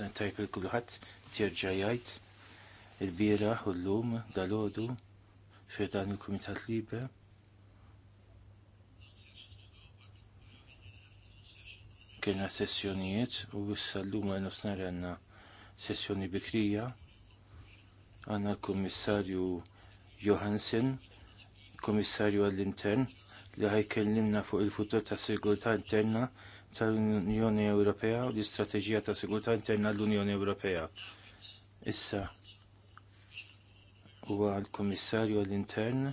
Nofsinhar il kulħadd jerġa' jgħid il bira u llum dalodu fi dan il-Kumitat Libe. Kienna sessjonijiet u issa llum għal nofsinhar għanna sessjoni bikrija għanna l-Kummissarju Johansen, Komissarju għall-Intern, li kellimna fuq il-futur ta' sigurtà interna tal-Unjoni Ewropea u l-Istrateġija ta' Sigurtà Interna l-Unjoni Ewropea. Issa huwa l-Kummissarju għall-Intern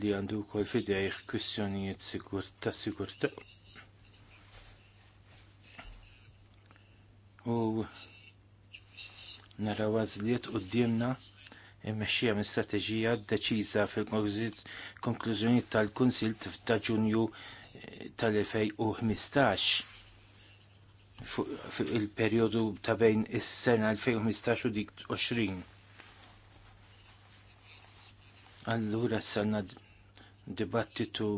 li għandu kol fidejh kwistjonijiet sigur, sigurtà. U naraw għażliet qudiemna immexxija minn strateġija d-deċiza fil-konklużjoni tal-Kunsil ta' Ġunju tal-2015 fuq il-periodu ta' bejn is-sena 2015 u dik 20. Allura s-sanna dibattitu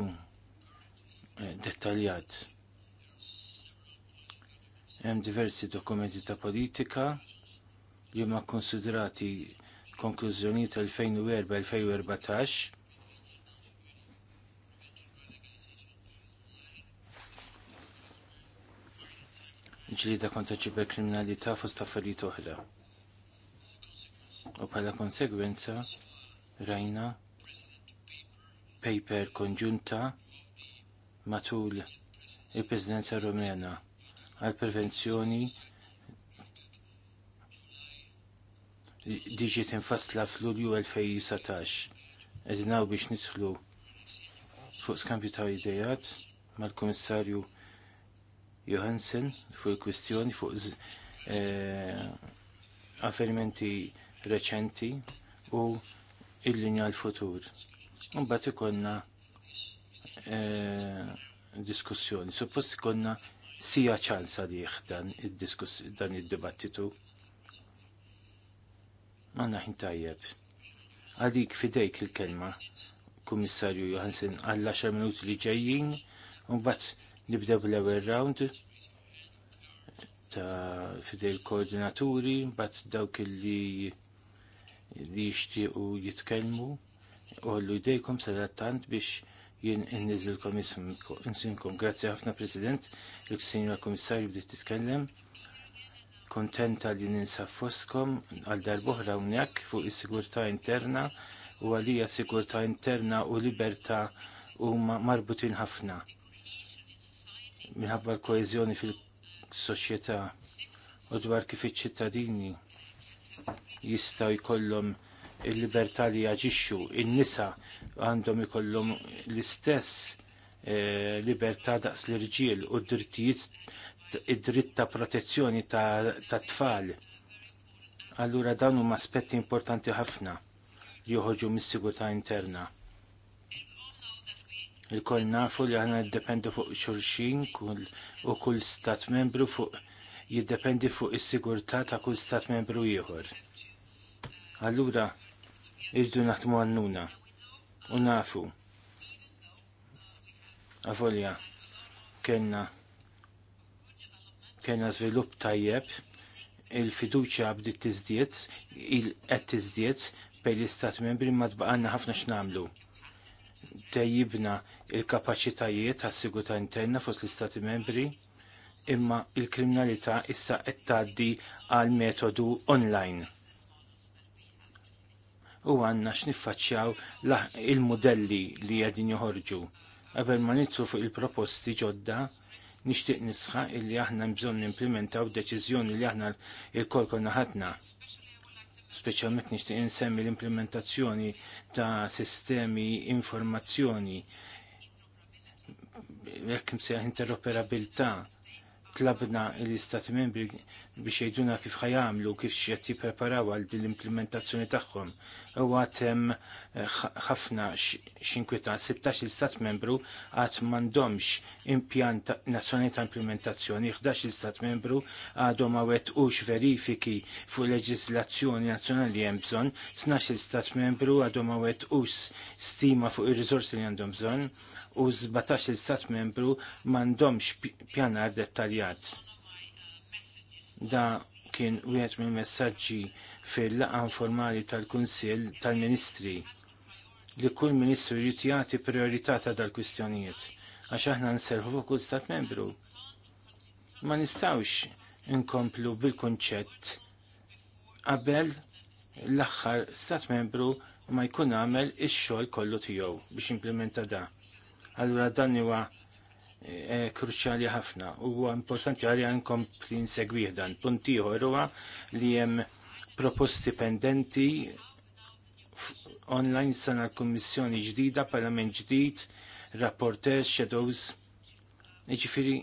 eh, dettaljat. Hemm diversi dokumenti ta' politika li ma konsiderati konklużjonijiet 2004-2014 da kontra ċiber kriminalità fost affarijiet oħra. U bħala konsegwenza rajna paper konġunta matul il-Presidenza Rumena għal prevenzjoni diġi tinfasla fl-Ulju 2017. Edinaw biex nidħlu fuq skambju ta' idejat mal-Komissarju Johansen fuq il-kwistjoni fuq eh, avvenimenti reċenti u il-linja l-futur. Mbagħad ikonna eh, diskussjoni. Suppost ikonna sija ċansa diħ dan id-dibattitu. Manna ħin tajjeb. Għalik fidejk il-kelma, Kummissarju Johansen, għall-10 minuti li ġejjin, un bat Nibdew bl-ewwel round ta' fidel koordinaturi, bat dawk li li jixtiequ jitkellmu u għallu jdejkom sadattant biex jien innizilkom insinkom. Grazzi ħafna President, il-Sinjora Komissarju bdiet titkellem. Kontenta li ninsab fostkom għal darbohra unjak fuq is-sigurtà interna u għalija sigurtà interna u libertà huma marbutin ħafna minħabba l-koezjoni fil-soċjetà u dwar kif iċ-ċittadini jistgħu jkollhom il-libertà li jaġixxu, in-nisa għandhom ikollhom l-istess eh, libertà daqs l-irġiel u d-drittijiet id-dritt ta' protezzjoni ta tfal. Allura dan huma aspetti importanti ħafna li joħorġu mis-sigurtà interna Il-koll nafu li għana jiddependu fuq xurxin u kull stat membru fuq jiddependi fuq is-sigurtà ta' kull stat membru ieħor. Allura, iġdu naħdmu għannuna u nafu. Avolja, kena kena żvilupp tajjeb, il-fiduċa bdiet tizdiet, il-qed tizdiet bejn l-istat membri ma tbaqanna ħafna x'namlu tejjibna il-kapaċitajiet għas-sigurtà interna fost l-Istati membri, imma l kriminalità issa qed tgħaddi għal metodu online. U għandna x'niffaċċjaw il-modelli li qegħdin joħorġu. Qabel ma nitru fuq il-proposti ġodda, nixtieq nisħa illi aħna bżonn nimplementaw deċiżjoni li aħna l kol konna ħadna speċjalment nixtieq insemmi l-implementazzjoni ta' sistemi informazzjoni jekk seħ interoperabilità tlabna l-istati membri biex jgħiduna kif ħajamlu, kif xiet jipreparaw għal din l-implementazzjoni tagħhom. U għatem eh, ħafna x'inkwita 16 istat membru għad m'għandhomx impjant nazzjoni ta' implementazzjoni, 11 istat membru għadhom għawet ux verifiki fuq leġislazzjoni nazzjonali hemm bżonn, 12 istat membru għadhom għawet ux stima fuq ir rizorsi li għandhom bżonn, u 17 stat membru m'għandhomx pjanar dettaljat. Da kien wieħed mill messaġġi fil laqan formali tal-Kunsill tal-Ministri li kull ministru jrid jagħti priorità ta' dal-kwistjonijiet għax aħna nserħu fuq kull stat membru. Ma nistawx inkomplu bil-kunċett qabel l-aħħar stat membru ma jkun għamel ix-xogħol kollu tiegħu biex implementa da. Allura dan huwa eh, kruċjali ħafna u huwa importanti għalli nkompli nsegwih dan. Punt ieħor huwa li hemm proposti pendenti online sana l-Kummissjoni ġdida, Parlament ġdid, rapporters, shadows, ġifiri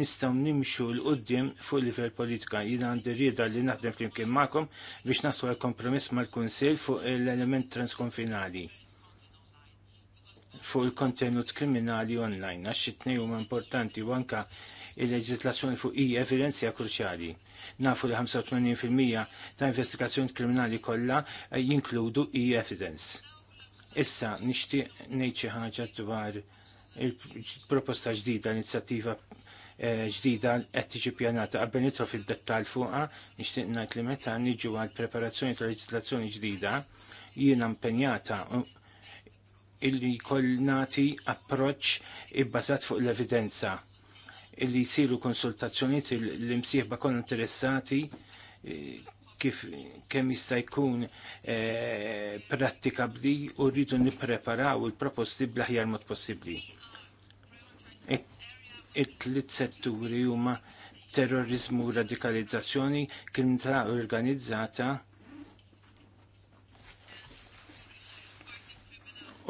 nistaw nimxu l-qoddim fuq livell politika. Jina għandi rieda li naħdem flimkien magħkom biex naslu għal kompromiss mal-Kunsill fuq l-element transkonfinali fuq il-kontenut kriminali online, għax it-tnej huma importanti u anka il-leġislazzjoni fuq i evidenzja kruċjali. Nafu li 85% ta' investigazzjoni kriminali kollha eh, jinkludu i evidence. Issa nixtieq ngħid xi ħaġa dwar il-proposta ġdida, l-inizjattiva eh, ġdida qed tiġi pjanata qabel nitro fid-dettall fuqha nixtieq ngħid li meta niġu għal preparazzjoni ta' leġislazzjoni ġdida jiena impenjata illi kollnati approċ ibbażat fuq l-evidenza illi jisiru konsultazzjoniet l-imsieħba kon interessati eh, kif kemm jista' jkun eh, prattikabbli u rridu nippreparaw il-proposti bl-aħjar mod possibbli. It-tliet setturi huma terrorizmu radikalizzazzjoni kien ta' organizzata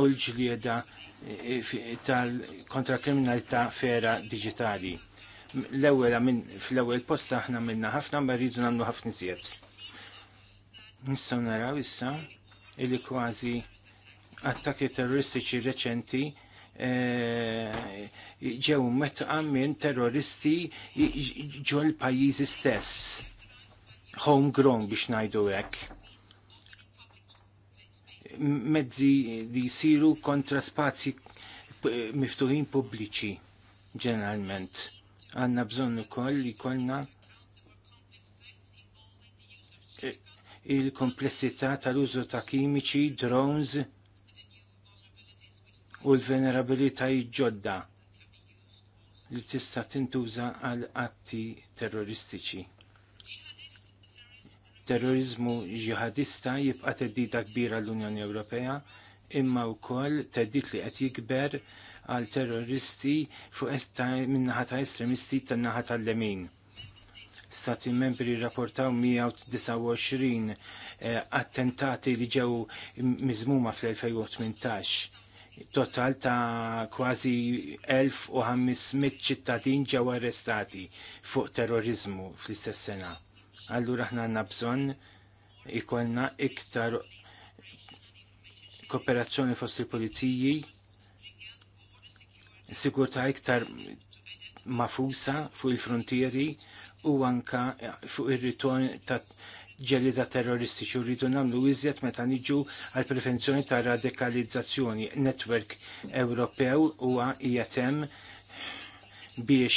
u l-ġlieda eh, tal-kontra kriminalità fera digitali. L-ewwel fl-ewwel posta aħna minna ħafna ma rridu nagħmlu ħafna iżjed. Nistgħu naraw issa illi kważi attakki terroristiċi reċenti eh, ġew metqa minn terroristi ġol pajjiżi stess. Homegrown biex ngħidu hekk mezzi li jisiru kontra spazi eh, miftuħin pubbliċi ġeneralment. Għanna bżonn ukoll li konna eh, il-komplessità tal-użu ta' kimiċi, drones u l-venerabilità ġodda li tista' tintuża għal atti terroristiċi terrorizmu ġihadista jibqa' teddida kbira l-Unjoni Ewropea imma wkoll teddit li qed jikber għal terroristi fuq min-naħa ta' estremisti tan-naħa tal-lemin. Stati membri rrapportaw 129 eh, attentati li ġew miżmuma fl-2018. Total ta' kważi 1500 ċittadin ġew arrestati fuq terrorizmu fl-istess sena allura ħna għandna bżonn ikollna iktar kooperazzjoni fost il polizijji sigurta iktar mafusa fuq il-frontieri u anka fuq ir-ritorn ta' ġelida terroristiċi rridu nagħmlu iżjed meta niġu għal prevenzjoni ta' radikalizzazzjoni. Netwerk Ewropew huwa qiegħed biex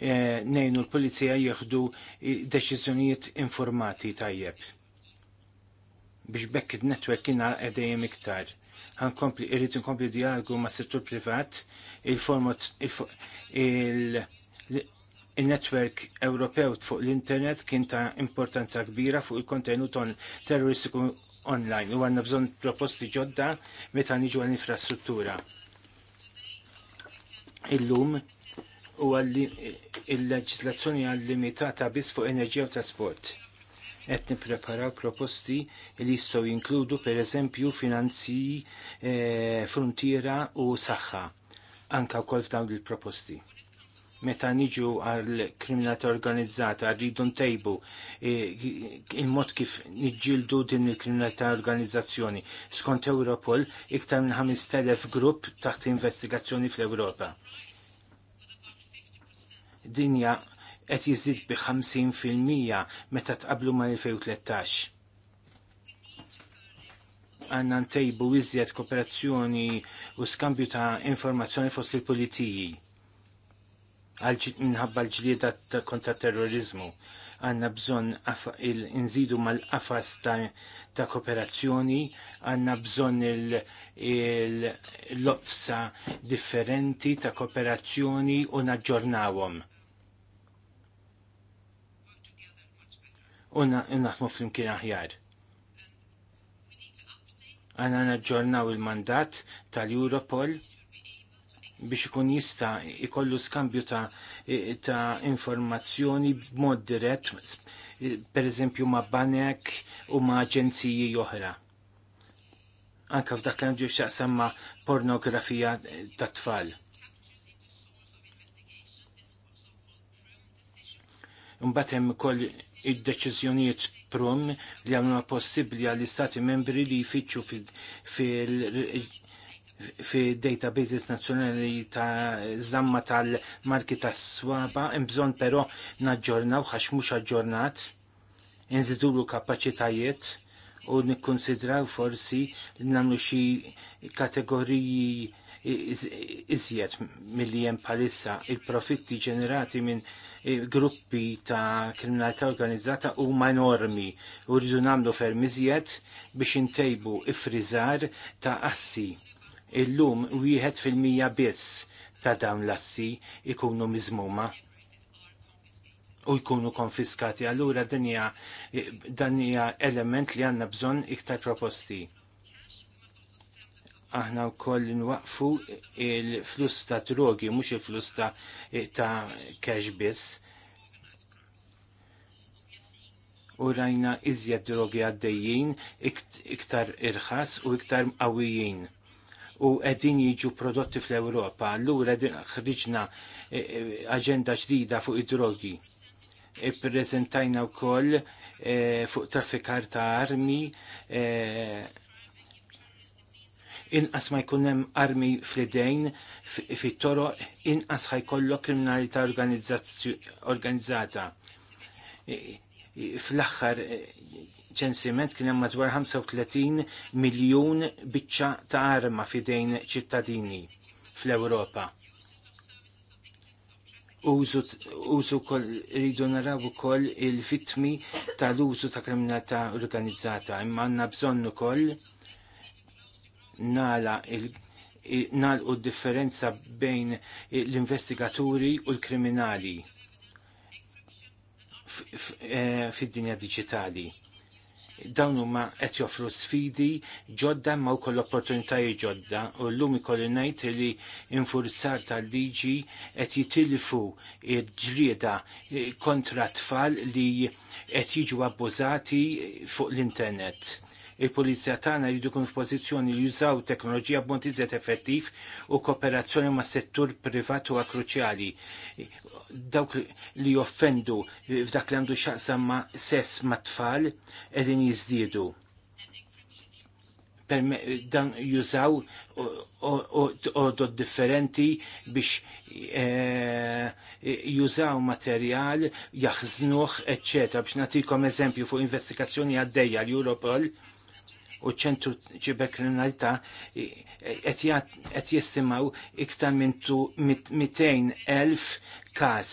Eh, nejnu l-polizija jieħdu deċiżjonijiet informati tajjeb. Biex bekk il netwerk jina għedajem iktar. kompli, irrit nkompli dialgu ma' settur privat, il-format, il-netwerk Ewropew fuq l-internet kien ta' importanza kbira fuq il-kontenut on terroristiku online u għanna bżon proposti ġodda meta niġu għal-infrastruttura. Illum, u il-leġislazzjoni għal limitata biss fuq enerġija u trasport. Qed nippreparaw proposti li jistgħu jinkludu pereżempju finanzi, e, frontiera u saħħa anka wkoll f'dawn il-proposti. Meta niġu għal kriminalità organizzata rridu ntejbu eh, il-mod kif niġġieldu din il-kriminalità organizzazzjoni skont Europol iktar minn 5000 grupp taħt investigazzjoni fl-Ewropa dinja qed jiżdied bi 50% meta tqablu mal-2013. Għanna ntejbu iżjed kooperazzjoni u skambju ta' informazzjoni fost il-politiji minħabba l-ġlieda kontra terrorizmu. Għanna bżon il-inżidu mal-qafas ta' kooperazzjoni, għanna bżon il lofsa differenti ta' kooperazzjoni u naġġornawhom u naħmu flimkien aħjar. Għana naġġornaw il-mandat tal-Europol biex ikun jista ikollu skambju ta', ta informazzjoni b'mod dirett, per eżempju ma' banek u ma' aġenziji oħra. Anka f'dak li għandu xaqsam ma' pornografija ta' tfal. Mbagħad hemm id-deċizjonijiet prom li għamlu possibbli għall istati membri li jfittxu fil-databases nazzjonali ta' zamma tal-marki ta' swaba, imbżon pero naġġornaw, għax mux aġġornat, nżidulu kapacitajiet u nikkonsidraw forsi li namlu xi kategoriji iżjed milli hemm bħalissa il-profitti ġenerati minn gruppi ta' kriminalità organizzata huma enormi u rridu nagħmlu ferm iżjed biex intejbu ifriżar ta' assi. Illum wieħed fil-mija biss ta' dawn l-assi ikunu miżmuma u jkunu konfiskati. Allura dan hija element li għandna bżonn iktar proposti aħna u koll nwaqfu il-flus ta' drogi, mux il-flus ta', ta cash biss. U rajna iżjed drogi għaddejjin, iktar irħas u iktar qawwijin. U għedin jiġu prodotti fl-Europa, l-għura ħriġna e, e, agenda ġdida fuq id-drogi ippreżentajna e, wkoll koll fuq trafikar ta' armi e, inqas ma jkun hemm armi fl-idejn fit-toro inqas ħajkollok kriminalità organizzata. Fl-aħħar e, ċensiment kien hemm madwar 35 miljun biċċa ta' arma fidejn ċittadini fl-Ewropa. Użu kol rridu naraw ukoll il-fitmi tal-użu ta' kriminalità organizzata, imma għandna bżonn ukoll nala il- nalqu differenza bejn l-investigaturi u l-kriminali eh, fid-dinja digitali. Dawn huma qed joffru sfidi ġodda ma wkoll opportunitajiet ġodda u llum ikolli ngħid li infurzar tal-liġi qed jitilfu ġrieda kontra tfal li qed jiġu abbużati fuq l-internet il polizja tagħna jridu jkunu f'pożizzjoni li jużaw teknoloġija b'mod iżjed effettiv u kooperazzjoni mas settur privat huwa kruċjali. Dawk li offendu f'dak li għandu x'aqsam ma' sess ma' tfal qegħdin jiżdiedu dan jużaw odod differenti biex e, jużaw materjal, jaħznuħ, etc. Biex natikom eżempju fuq investigazzjoni għaddeja l-Europol u ċentru ċiberkriminalità qed jestimaw iktar minn 200,000 każ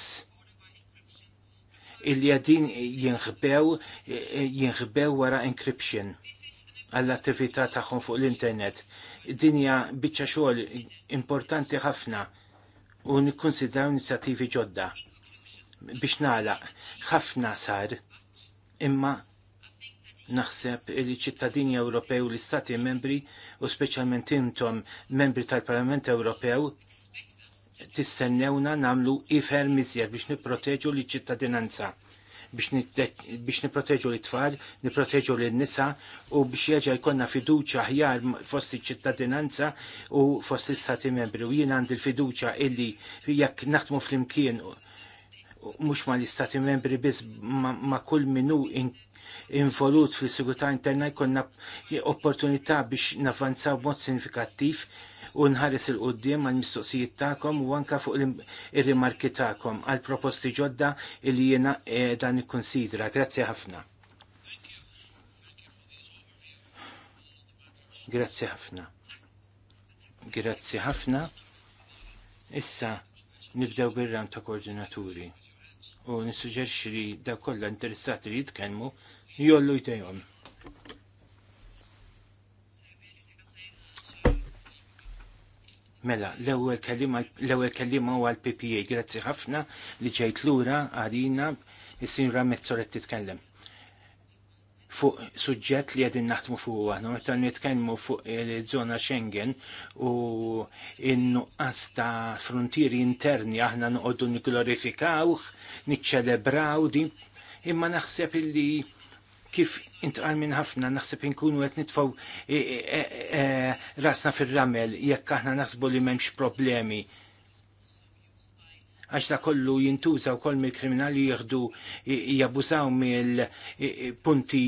illi għadin jinħbew jinħbew wara encryption għall-attività tagħhom fuq l-internet. Dinja biċċa xogħol importanti ħafna u nikkonsidraw inizjattivi ġodda biex nagħlaq ħafna sar imma naħseb il ċittadini Ewropew u l-Istati membri u speċjalment intom membri tal-Parlament Ewropew tistennewna namlu ifer miżjer biex nipproteġu li ċittadinanza biex niproteġu li tfal, niproteġu li nisa u biex jieġa jkonna fiduċa ħjar fost ċittadinanza u fost l-istati membri. U jien għandi l-fiduċa illi jekk naħdmu fl-imkien mux ma l-istati membri biz ma, ma kull minu in, involut fil-sigurtà interna jkollna opportunità biex navanzaw mod sinifikattiv u nħares il-qoddim għal mistoqsijiet tagħkom u anka fuq ir-rimarki tagħkom għal proposti ġodda li jiena eh, dan ikkonsidra. Grazzi ħafna. Grazzi ħafna. Grazzi ħafna. Issa nibdew bir-ram ta' koordinaturi u nissuġġerixxi li da kollha interessati li jitkellmu jollu jtejon. Mela, l-ewwel kellima, l-ewwel ppa grazzi ħafna li ġejt lura għalina is-sinra soret titkellem. Fuq suġġett li qegħdin naħdmu fuq aħna meta nitkellmu fuq il-żona Schengen u innu nuqqas ta' frontieri interni aħna noqogħdu nikglorifikawh, niċċelebraw din, imma naħseb li kif intqal minn ħafna naħseb inkunu qed nitfgħu e, e, e, rasna fir-ramel jekk aħna naħsbu li m'hemmx problemi. Għax da kollu jintuża wkoll mill-kriminali jieħdu jabbużaw mill-punti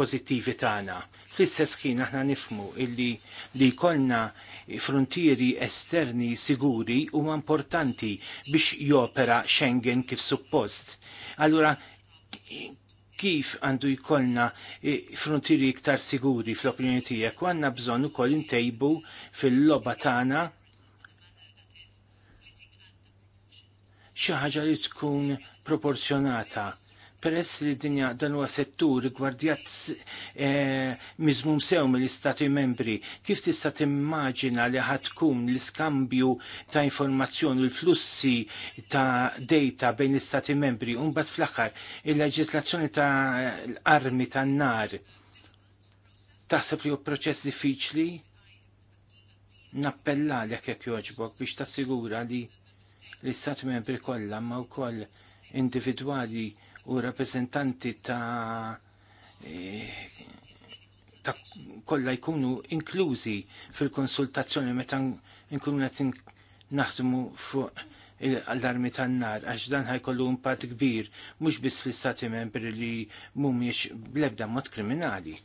pożittivi tagħna. Fl-istess ħin aħna nifmu illi li jkollna frontieri esterni siguri huma importanti biex jopera Schengen kif suppost. Allura kif għandu jkollna e, frontieri iktar siguri fl-opinjoni tiegħek u għandna bżonn ukoll intejbu fil-logħba tagħna xi ħaġa li tkun proporzjonata peress li dinja dan huwa settur gwardjat eh, miżmum sew mill-Istati membri, kif tista' timmaġina li ħad tkun l-iskambju ta' informazzjoni u l-flussi ta' data bejn l-Istati membri u mbagħad fl-aħħar il-leġislazzjoni ta' armi tan-nar taħseb li hu proċess diffiċli? Nappella l jekk joġbok biex tassigura li l-istat membri kollha ma wkoll individwali u rappresentanti ta' e, ta' kolla jkunu inklużi fil-konsultazzjoni meta nkunu qed naħdmu fuq l-armi tan-nar għax dan ħajkollu impatt kbir mhux biss fl-istati membri li mhumiex bl-ebda mod kriminali.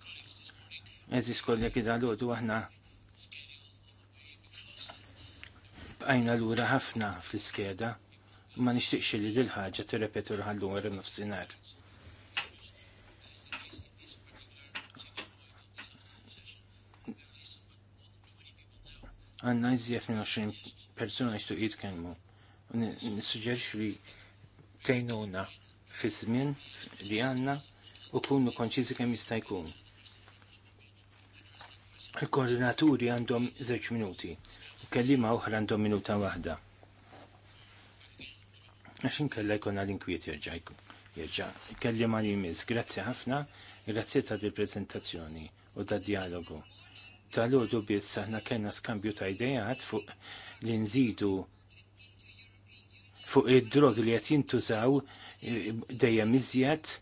Eżis kollek id-għalodu aħna bqajna lura ħafna fl-iskeda ma nixtiqx li dil ħaġa tirrepetu l-ħallu għarri nofsinar. Għanna jizjef minn 20 persona jistu jitkelmu. Nissuġġerx li tejnuna fizzmin li għanna u kunu konċizi kem jistajkun. Il-koordinaturi għandhom 10 minuti, kellima uħra għandhom minuta wahda. Għaxin inkella jkollna l-inkwiet jerġa' Jirġa, kelli ma jmiss. Grazzi ħafna, grazzi ta' di prezentazzjoni u ta' dialogu. Tal-għodu biss aħna kellna skambju ta' idejat fuq li nżidu fuq id-drog li qed jintużaw e, dejjem iżjed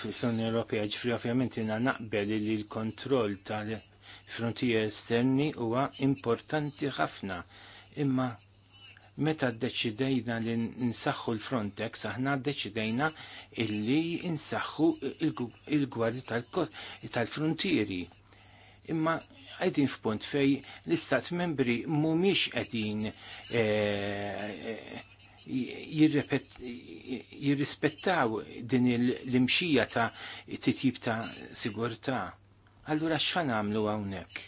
fl-Unjoni Ewropea ġifri ovvjament jina naqbel li l-kontroll tal-frontier esterni huwa importanti ħafna imma Meta deċidejna li nsaħħu l-Frontex, aħna deċidejna illi nsaħħu il-gwardi tal-frontieri. Imma għedin f'punt fej l-istat membri mumiex għedin eh, eh, jirrispettaw din l-imxija ta' titjib ta' sigurta. Allura xan għamlu għawnek?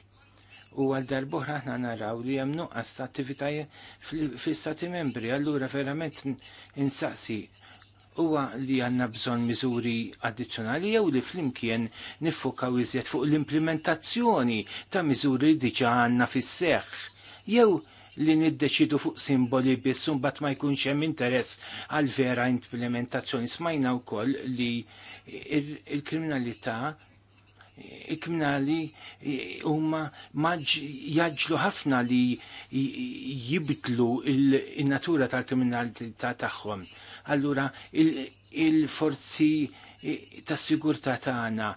u għal darbohra ħna naraw li hemm nuqqas ta' attivitajiet fl-istati membri, allura verament insaqsi huwa li għanna bżon miżuri addizzjonali jew li flimkien nifuka iżjed fuq l-implementazzjoni ta' miżuri diġa għanna fis-seħħ. Jew li niddeċidu fuq simboli biss bat ma jkunx hemm interess għal vera implementazzjoni. Smajna wkoll li il-kriminalità il kriminalità kriminali huma jaġlu ħafna li jibtlu il-natura tal-kriminalità tagħhom. Allura il-forzi ta' sigurtà tagħna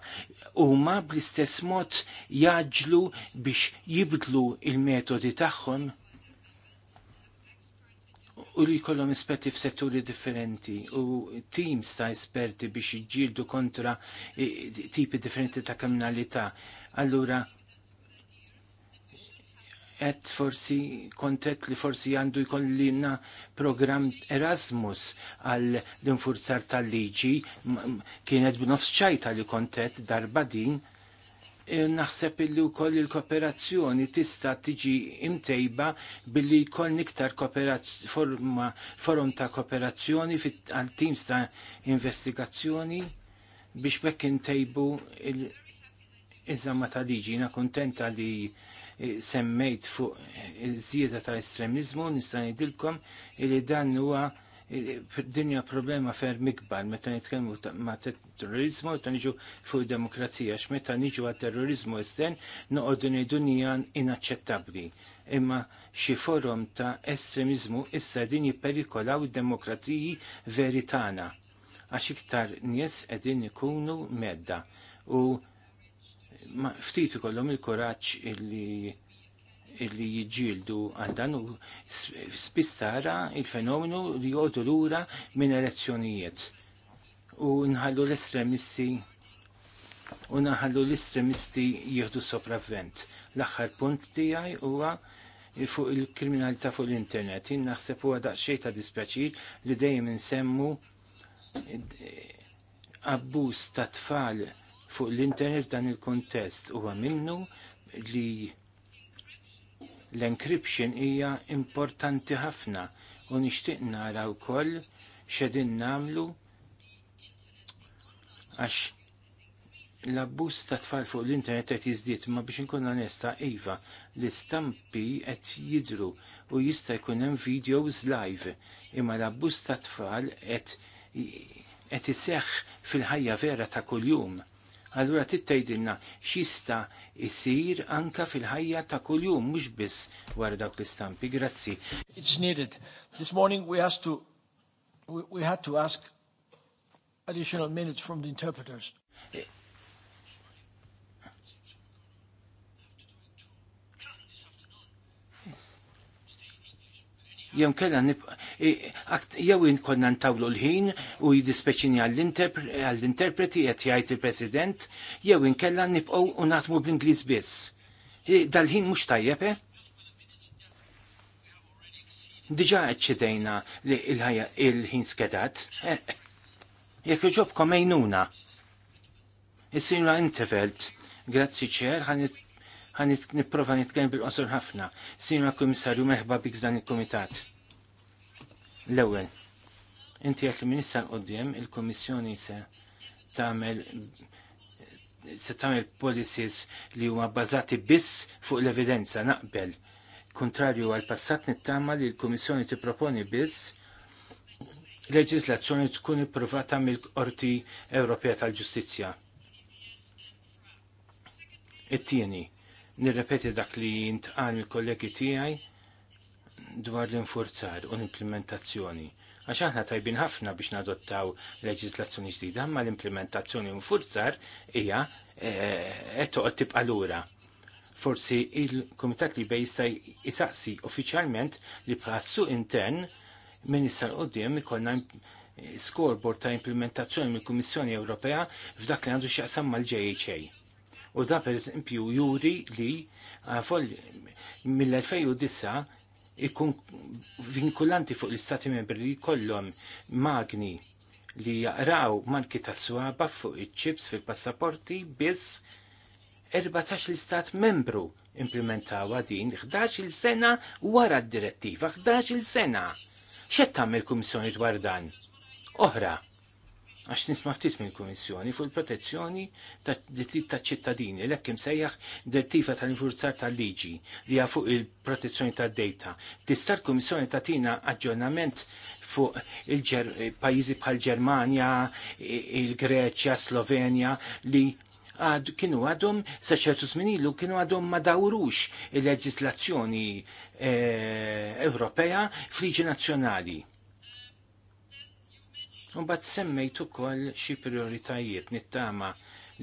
huma bl-istess mod jaġlu biex jibdlu il-metodi tagħhom u li jkollhom esperti f'setturi differenti u teams ta' esperti biex jiġġieldu kontra e, e, tipi differenti ta' kriminalità. Allura qed forsi kontet li forsi għandu jkollina programm Erasmus għal l-infurzar tal-liġi kienet b'nofs ċajta li kontet darba din Eh, naħseb illi wkoll il-kooperazzjoni tista' tiġi imtejba billi jkoll iktar forma forum ta' kooperazzjoni għal teams ta' investigazzjoni biex bekk intejbu iż-żamma ta' liġi. Na kontenta li eh, semmejt fuq eh, iż-żieda tal-estremizmu nista' ngħidilkom li dan huwa dinja problema ferm ikbar meta nitkellmu ma' terrorizmu ta' niġu fuq demokrazija x'meta meta niġu għat terrorizmu estern noqogħdu ngħidu nijan inaċċettabbli. Imma xi forum ta' estremizmu issa din jipperikolaw id-demokraziji veritana għax iktar nies qegħdin ikunu medda u ftit ikollhom il-kuraġġ li li jġildu għal dan u spistara il-fenomenu li jgħodu lura minn elezzjonijiet u nħallu l-estremisti u nħallu l-estremisti jieħdu sopravvent. L-aħħar punt tiegħi huwa fuq il-kriminalità fuq l-internet. Jien naħseb huwa daqsxejn ta' dispjaċir li dejjem insemmu abbuż ta' tfal fuq l-internet dan il-kontest huwa minnu li L-encryption hija importanti ħafna u nixtieq nara wkoll x'edin nagħmlu għax l-abbuż ta' tfal fuq l-internet qed jiżdied ma biex inkun onesta iva l-istampi qed jidru u jista' jkun hemm videos live imma l-abbuż ta' tfal qed qed iseħħ fil-ħajja vera ta' kuljum. Allura tittejdilna x'jista' isir anka fil-ħajja ta' kuljum mhux biss wara dawk l-istampi. Grazzi. It's needed. This morning we has to we, we had to ask additional minutes from the interpreters. jew kella jew inkonna ntawlu l-ħin u jidispeċini għall-interpreti qed jgħid il-President jew inkella nibqgħu u naħdmu bl-Ingliż biss. Dal-ħin mhux tajjeb eh? Diġà qed ċidejna il-ħin skedat. Eh? Jekk iġobkom għajnuna. Is-sinjura Intervelt, grazzi ċer, ħanit ħan nipprova nitkellem bil-qosor ħafna. Sima Kummissarju, meħba bik dan il-Kumitat. L-ewwel, inti għat l-Ministra l-qoddim il-Kummissjoni se tagħmel se tagħmel policies li huma bbażati biss fuq l-evidenza naqbel. Kontrarju għal passat nittama li l-Kummissjoni tipproponi biss leġislazzjoni tkun ipprovata mill-Qorti Ewropea tal-Ġustizzja. It-tieni, nirrepeti dak li jintqal il-kollegi tiegħi dwar l-infurzar u l-implementazzjoni. Għax aħna tajbin ħafna biex nadottaw leġislazzjoni ġdida, ma l-implementazzjoni u l-infurzar hija qed e, toqgħod tibqa' lura. Forsi il-Kumitat li jista' jisaqsi uffiċjalment li bħassu intern minn issa l-qoddim ikollna scoreboard ta' implementazzjoni mill-Kummissjoni Ewropea f'dak li għandu x'jaqsam mal-JHA U da per esempio juri li għafol eh, mill-2009 ikun vinkulanti fuq l-istati membri li kollom magni li jaqraw marki ta' swaba fuq iċ-ċips fil-passaporti biss 14 l-istat membru implementaw din 11 il-sena wara d-direttiva, 11 il-sena. ċet tam il-Kummissjoni dwar dan? Oħra, għax nisma' ftit mill-Kummissjoni fuq il-protezzjoni tad-drittijiet ta' ċittadini l hemm sejjaħ direttiva tal-infurzar tal-liġi li għafu fuq il-protezzjoni tad-dejta. Tista' l-Kummissjoni tina aġġornament fuq il-pajjiżi bħal Ġermanja, il-Greċja, Slovenja li għad kienu għadhom sa ċertu żminilu kienu għadhom ma dawrux il-leġislazzjoni eh, Ewropea fliġi nazzjonali bat semmejt ukoll xi prioritajiet nittama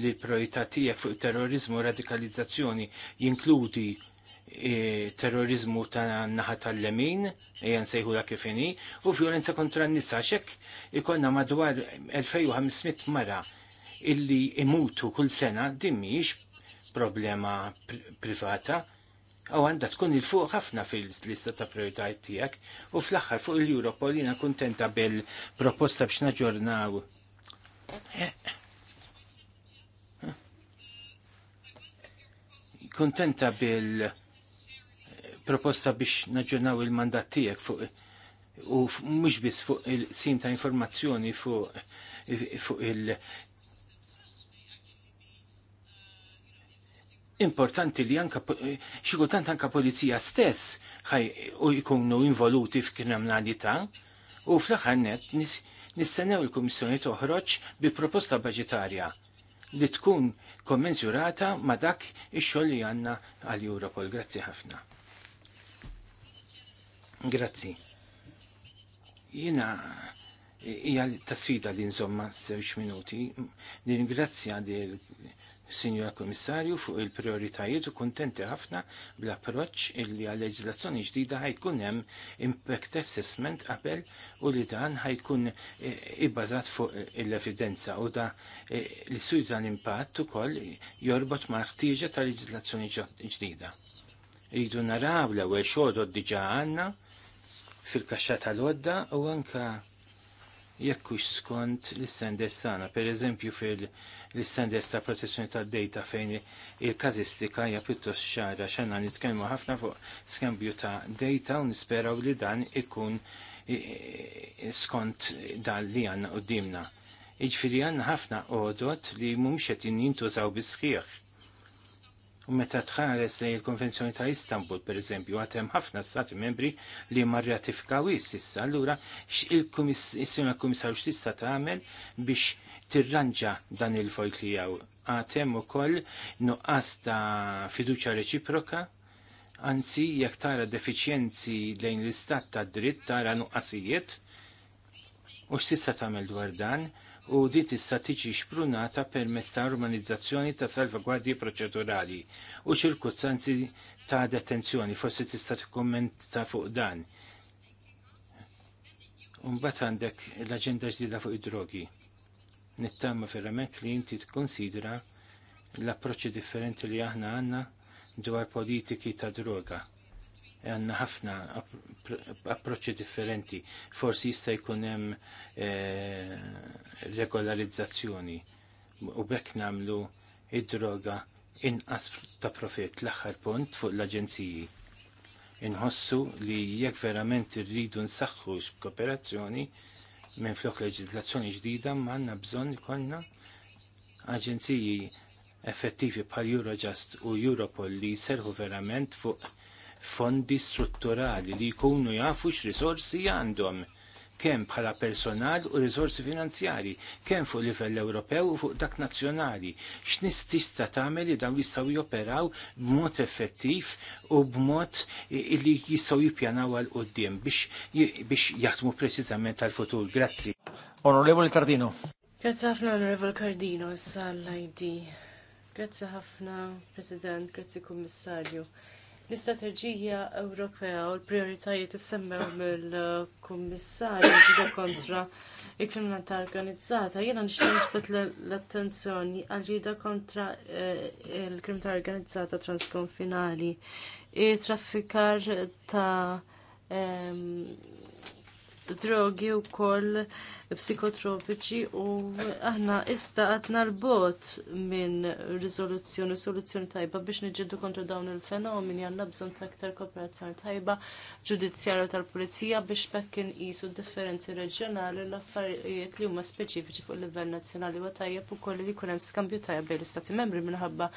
li l-priorità tiegħek fuq terrorizmu u radikalizzazzjoni jinkludi e, terrorizmu ta' naħa tal-lemin, ejja sejhu la kifini, u violenza kontra n-nisa xek ikonna madwar 2500 mara illi imutu kull sena din problema privata, u għandha tkun il-fuq ħafna fil-lista ta' prioritajt tiegħek u fl-aħħar fuq il li jiena kuntenta bil-proposta biex naġġornaw. Kuntenta bil-proposta biex naġġornaw il-mandat tiegħek fuq u mhux biss fuq il-sim ta' informazzjoni fuq il importanti li anka eh, xikultant anka polizija stess ħaj u jkunu involuti f'kriminalità u fl-aħħar net nistennew il-Kummissjoni toħroġ bi proposta budgetarja li tkun kommensurata ma dak ix-xogħol li għandna għal Europol. Grazzi ħafna. Grazzi. Jiena eh, hija ta' sfida li nżomma sewx minuti. Ningrazzja lil Sinjora Komissarju, fuq il-prioritajiet u kontenti ħafna bl-approċ illi għal leġislazzjoni ġdida ħajkun hemm impact assessment qabel u li dan ħajkun eh, ibbażat fuq l-evidenza u da eh, li istudju tal-impatt ukoll jorbot ma' ħtieġa tal leġislazzjoni ġdida. Ridu naraw l-ewwel xogħol diġà għandna fil-kaxxa tal-odda u anka jekk hux skont l-istandards tagħna. Pereżempju fil-istandards ta' protezzjoni tad-data fejn il-każistika hija pjuttost xara x'għandna nitkellmu ħafna fuq skambju ta' data u nisperaw li dan ikun skont dan li għandna qudiemna. Iġifieri għandna ħafna għodot li mhumiex qed jintużaw sħiħ. U meta tħares li l-Konvenzjoni ta' Istanbul, per eżempju, għatem ħafna stati membri li ma rratifikaw issa, allura il-Komissjoni tista' x'tista' tagħmel biex tirranġa dan il folk li jaw. Għatem ukoll nuqqas ta' fiduċa reċiproka, anzi jekk tara defiċjenzi lejn l-istat ta' dritt tara nuqqasijiet, u x'tista' tagħmel dwar dan u di tista' tiġi xprunata permezz ta' armonizzazzjoni ta' salvagwardji proċedurali u ċirkustanzi ta' detenzjoni. Forsi tista' kommenta fuq dan. Umbat għandek l-aġenda ġdida fuq id-drogi. Nittama verament li inti tkonsidra l-approċċi differenti li aħna għandna dwar politiki ta' droga għanna ħafna approċċi differenti, forsi jista' jkun hemm eh, regolarizzazzjoni u bekk namlu id-droga inqas ta' profit l-aħħar punt fuq l-aġenziji. Inħossu li jekk verament irridu nsaħħu x-kooperazzjoni minn flok leġislazzjoni ġdida ma għandna bżonn ikollna aġenziji effettivi bħal Eurojust u Europol li jserħu verament fuq fondi strutturali li jkunu jafu x-risorsi għandhom kemm bħala personal u risorsi finanzjari, kemm fuq livell Ewropew u fuq dak nazzjonali. X'nistista tagħmel li dawn jistgħu joperaw b'mod effettiv u b'mod li jistgħu jippjanaw għal qudiem biex biex jaħdmu preċiżament tal-futur. Grazzi. Onorevoli Cardino. Grazzi ħafna Onorevoli Cardino sal-ID. Grazzi ħafna President, grazzi Kummissarju. L-istrateġija Ewropea u l-prioritajiet issemmew mill-Kummissarju ġieda kontra il-kriminalità organizzata. Jiena nixtieq nisbet l-attenzjoni għal ġida kontra eh, il-kriminalità organizzata transkonfinali. I traffikar ta' ehm, drogi u koll psikotropiċi u aħna issa għatna l-bot minn rizoluzzjoni, soluzzjoni tajba biex nġeddu kontra dawn il-fenomeni għanna bżon ta' aktar kooperazzjoni tajba ġudizzjarju tal-pulizija biex bekkin jisu differenzi reġjonali l-affarijiet li huma speċifiċi fuq livell nazzjonali u tajjeb u koll li kunem skambju tajba bejn l-istati membri minħabba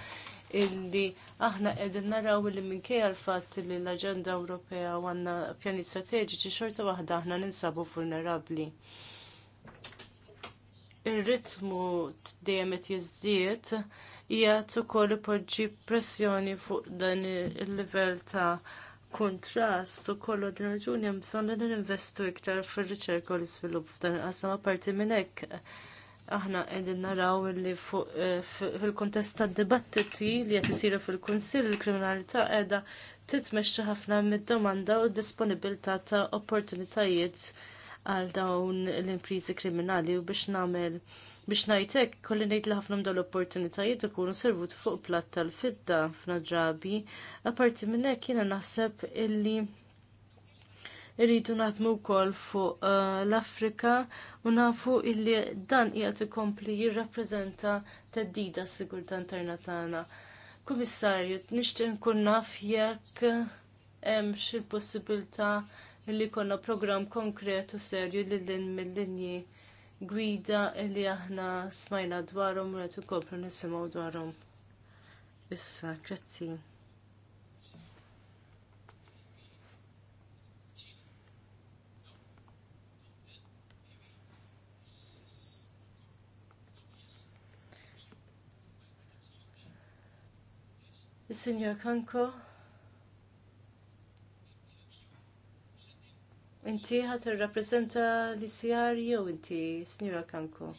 illi aħna qegħdin naraw illi minkejja l-fatt li l-Aġenda Ewropea għandna pjani strateġiċi xorta waħda aħna ninsabu vulnerabbli. Ir-ritmu dejjem qed jiżdied jgħat ukoll ipoġġi pressjoni fuq dan il-livell ta' kontrast u kollu din raġuni hemm bżonn li ninvestu iktar fir-riċerka u l-iżvilupp f'dan il-qasam apparti minn hekk aħna qegħdin naraw li eh, fil-kuntest tad-dibattiti li qed isiru fil-Kunsill il-kriminalità qiegħda titmexxi ħafna mid-domanda u d-disponibilità ta' opportunitajiet għal dawn l-imprizi kriminali u biex nagħmel biex najtek kolli ngħid li ħafna dawn l-opportunitajiet ikunu servut fuq platt tal-fidda f'na drabi, apparti minn hekk jiena naħseb illi irridu naħdmu wkoll fuq eh, l-Afrika u nafu illi dan qiegħed ikompli jirrappreżenta teddida s-sigurtà interna tagħna. Kummissarju, nixtieq nkun naf jekk hemm xil possibilità li konna programm konkretu serju lil lin mill-linji gwida li aħna smajna dwarhom u qed ikomplu nisimgħu dwarhom. Issa, grazzi. Il-Signor Kanko. Inti ħat il-rapprezenta l-ICR jew inti, Signor Kanko?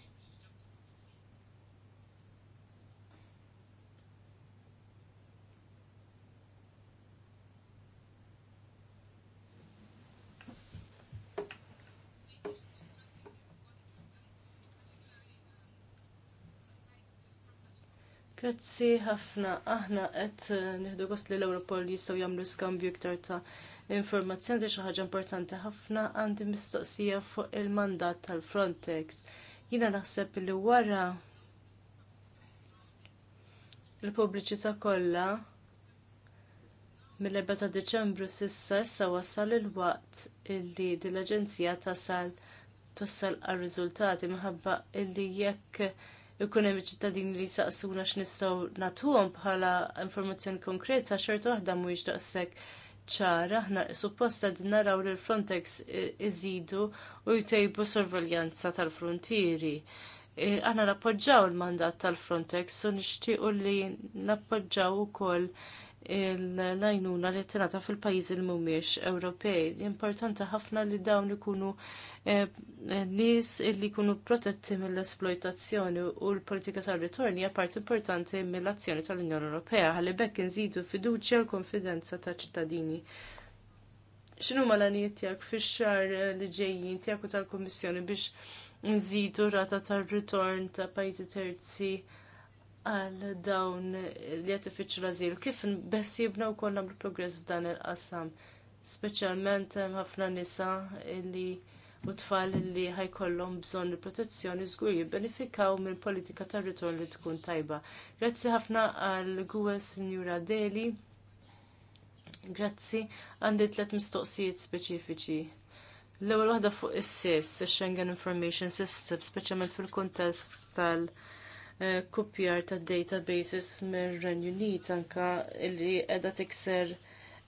Grazzi ħafna. Aħna qed eh, nieħdu gost li l ewropol jistgħu jagħmlu skambju iktar ta' informazzjoni xi ħaġa importanti ħafna għandi mistoqsija fuq il-mandat tal-Frontex. Jiena naħseb li wara l pubbliċità kollha mill-4 ta' Deċembru sissa issa wasal il-waqt illi din l-Aġenzija tasal tossal għar-riżultati minħabba illi jekk ikun hemm ċittadini li saqsuna x'nistgħu nagħtuhom bħala informazzjoni konkreta xorta waħda mhuwiex daqshekk ċara, aħna supposta din naraw li l-Frontex iżidu u jtejbu sorveljanza tal-frontieri. Aħna nappoġġaw il-mandat tal-Frontex u nixtiequ li nappoġġaw ukoll l-għajnuna li tingħata fil-pajjiżi li mhumiex Ewropej. Importanti ħafna li dawn ikunu eh, nies li jkunu protetti mill-esploitazzjoni u l-politika tal-ritorni hija part importanti mill-azzjoni tal-Unjoni Ewropea għalli bekk inżidu fiduċja u konfidenza ta' ċittadini. ċinu ma l-għanijiet tiegħek fix-xahar li ġejjin tiegħek u tal-Kummissjoni biex nżidu rata tar-ritorn ta' pajjiżi terzi għal dawn li għet uffiċu l-azil, kif bessibna u kollam l progress f'dan il-qassam, specialment ħafna nisa li u tfal li ħajkollhom bżonn il-protezzjoni żgur jibbenifikaw minn politika tar ritorn li tkun tajba. Grazzi ħafna għal Gwe Signora Deli. Grazzi għandi tliet mistoqsijiet speċifiċi. L-ewwel waħda fuq is-SIS, Schengen Information System, speċjalment fil-kuntest tal- Eh, kupjar ta' databases mir renju Unit anka illi edha tikser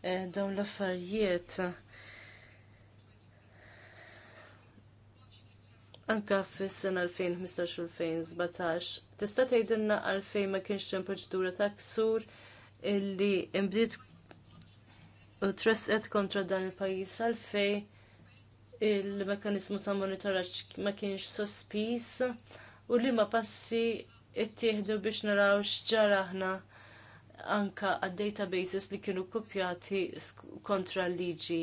eh, dawn l-affarijiet. Anka fis-sena 2015-2017, tista' tgħidilna għalfejn ma kienx hemm proċedura ta' ksur illi imbdiet u tresqet kontra dan il-pajjiż għalfejn il-mekanizmu ta' monitoraġġ ma kienx sospiż u li ma passi ittieħdu biex naraw x'ġaraħna anka għad-databases li kienu kopjati kontra l-liġi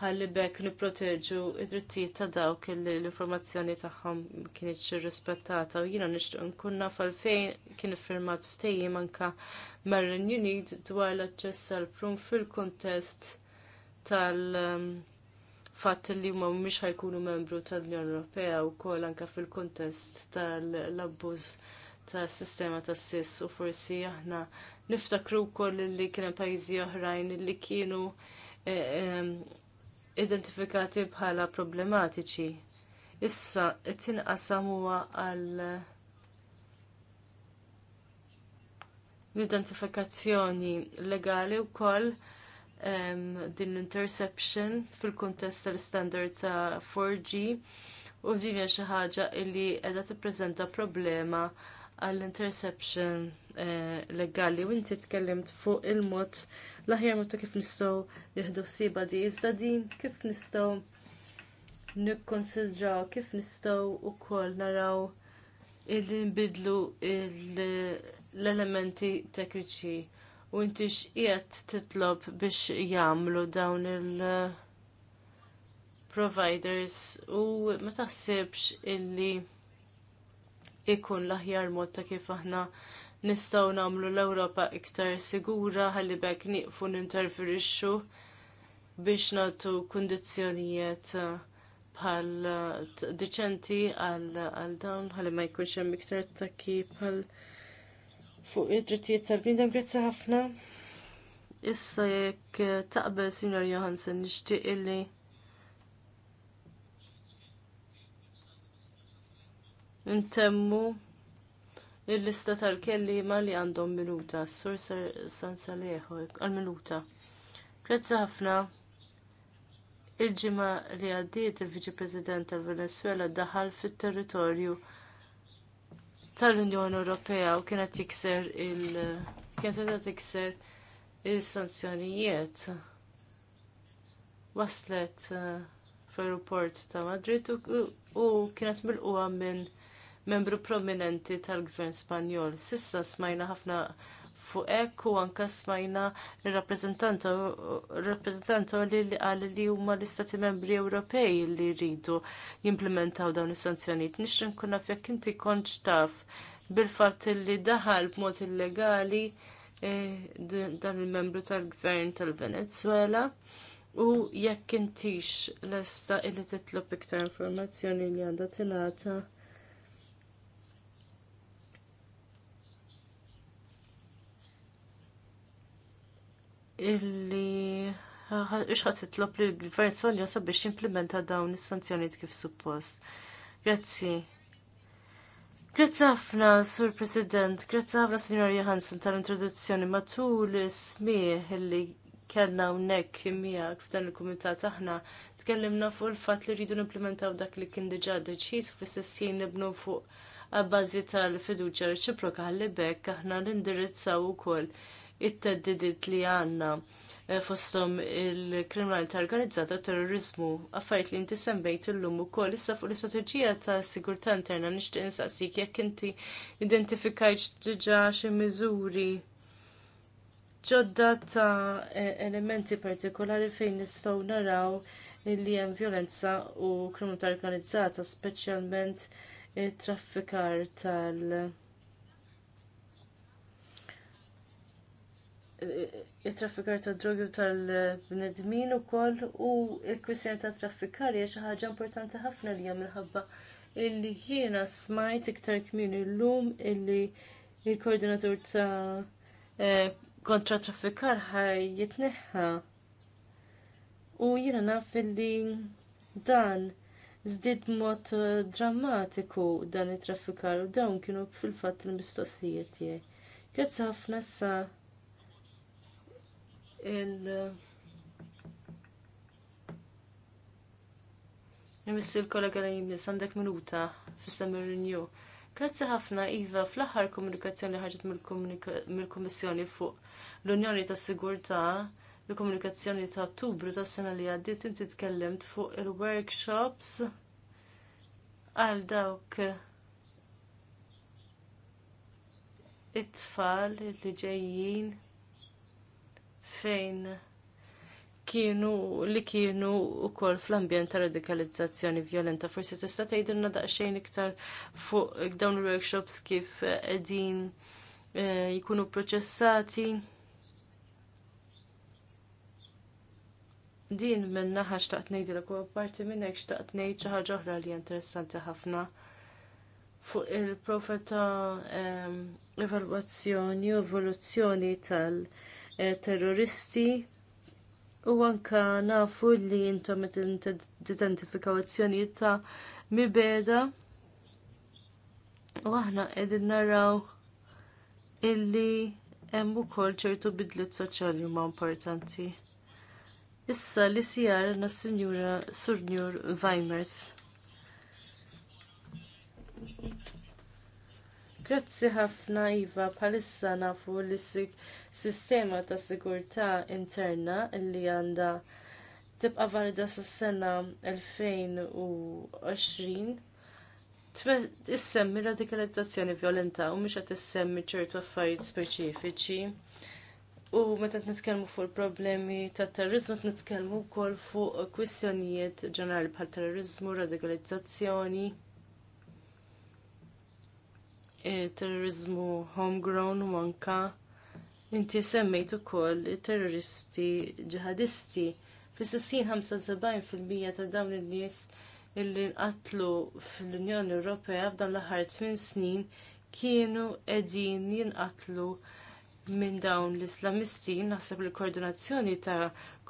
ħalli bekk nipproteġu id-drittijiet ta' dawk li l-informazzjoni tagħhom kienet irrispettata u jiena nixtieq nkun naf għalfejn kien iffirmat ftehim anke mar-Ren Unit dwar l-aċċess għall prum fil-kuntest tal- um, fatt li huma mhumiex ħajkunu membru tal-Unjoni Ewropea wkoll anke fil-kuntest tal-abbuż tas sistema ta' sis u forsi aħna niftakru wkoll li kien hemm pajjiżi oħrajn li kienu eh, identifikati bħala problematiċi. Issa t-tinqasam huwa għal l-identifikazzjoni legali wkoll din l-interception fil-kuntest tal-standard ta' 4G u din hija xi ħaġa li qiegħda tippreżenta problema għall-interception eh, legali u inti tkellimt fuq il-mod l-aħjar mod kif nistgħu nieħdu siba di iżda din kif nistgħu nikkonsidraw kif nistgħu wkoll naraw illi nbidlu l-elementi tekniċi u inti x'qiegħed titlob biex jagħmlu dawn il- providers u ma taħsibx illi ikun l-aħjar mod ta' kif aħna nistgħu nagħmlu l-Ewropa iktar sigura ħalli bekk nieqfu ninterferixxu biex nagħtu kundizzjonijiet eh, bħal eh, diċenti għal dawn ħalli ma jkunx hemm iktar attakki bħal fuq id-drittijiet tal bnidem grazzi ħafna. Issa jekk eh, taqbel Sinjor Johansen nixtieq illi ntemmu il-lista tal-kellima li għandhom minuta, s-sur San Saleħo, għal-minuta. Grazzi ħafna. il ġima li għaddiet il-Viċi President tal-Venezuela daħal fit-territorju tal-Unjoni Ewropea u kienet tikser il- kienet tikser il-sanzjonijiet. Waslet eh, fl-aeroport ta' Madrid u kienet milquha minn membru prominenti tal-Gvern Spanjol. Sissa smajna ħafna fuq hekk u anke smajna r-rappreżentanti li qal li huma l-Istati Membri Ewropej li jridu jimplementaw dawn is-sanzjonijiet. Nixtri nkun naf jekk inti kontx taf bil-fatt li daħal b'mod illegali eh, dan il-membru tal-gvern tal-Venezuela u jekk intix lesta illi titlob iktar informazzjoni li għandha tingħata illi ixħat titlob li l-gvern Solja biex jimplementa dawn is-sanzjonijiet kif suppost. Grazzi. Grazzi ħafna, Sur President, grazzi ħafna, Signor Johansson, tal-introduzzjoni matul smieħ illi kellna unnek miegħek f'dan il-kumitat aħna tkellimna fuq il-fatt li rridu implementaw dak li kien diġà deċiż fis-sess nibnu fuq għall-bażi tal-fiduċja reċiproka ħalli bekk aħna nindirizzaw ukoll it-teddidit li għanna eh, fostom il-kriminalità organizzata u terrorizmu, affarijiet li inti sembejt illum ukoll issa fuq l-istrateġija ta' sigurtà interna nixtieq insaqsik jekk inti identifikajt diġà xi miżuri ġodda ta' eh, elementi partikolari fejn nistgħu naraw li hemm violenza u kriminalità organizzata, speċjalment it-traffikar tal- it-traffikar ta' drogi u tal-bnedmin ukoll u l kwissjoni ta' traffikar hija xi ħaġa importanti ħafna li minħabba illi jiena smajt iktar kmieni llum illi l koordinatur ta' eh, kontra traffikar ħaj jitneħħa. U jiena naf illi dan żdied mod eh, drammatiku dan it-traffikar u dawn kienu fil-fatt il-mistoqsijiet tiegħi. Grazzi ħafna sa' il- Nimissi l-kollega li jimnis għandek minuta fi Summer Renew. Grazzi ħafna Iva fl-aħħar komunikazzjoni ħarġet mill-Kummissjoni fuq l-Unjoni ta' Sigurtà l-komunikazzjoni ta' Ottubru ta' sena li għaddiet inti tkellimt fuq il-workshops għal dawk it-tfal li ġejjin fejn kienu li kienu wkoll fl-ambjent ta' radikalizzazzjoni vjolenta. Forsi tista' tgħidilna daqsxejn iktar fuq dawn il-workshops kif qegħdin eh, jkunu proċessati. Din minn naħa xtaqt ngħidilek u apparti minn hekk xtaqt ngħid xi ħaġa oħra li interessanti ħafna fuq il-profeta ehm, evalwazzjoni u evoluzzjoni tal- Eh, terroristi u anka nafu li jintom identifikaw ta' mibeda u aħna qegħdin naraw illi hemm ukoll ċertu bidliet soċjali huma importanti. Issa li sijar na sinjura Surnjur Weimers. Grazzi ħafna Iva bħalissa nafu li s sistema ta' sigurtà interna li għandha tibqa valida sas-sena 2020 tissemmi radikalizzazzjoni vjolenta u mhux qed issemmi ċertu affarijiet speċifiċi. U meta nitkellmu fuq il-problemi tat terrorizmu qed nitkellmu wkoll fuq kwistjonijiet ġenerali bħal terrorizmu, radikalizzazzjoni terrorizmu homegrown u anka inti semmejt ukoll terroristi ġihadisti. Fis-sissin 75% ta' dawn in-nies illi nqatlu fl-Unjoni Ewropea f'dan l-aħħar 8 snin kienu qegħdin jinqatlu minn dawn l-Islamisti naħseb li koordinazzjoni ta'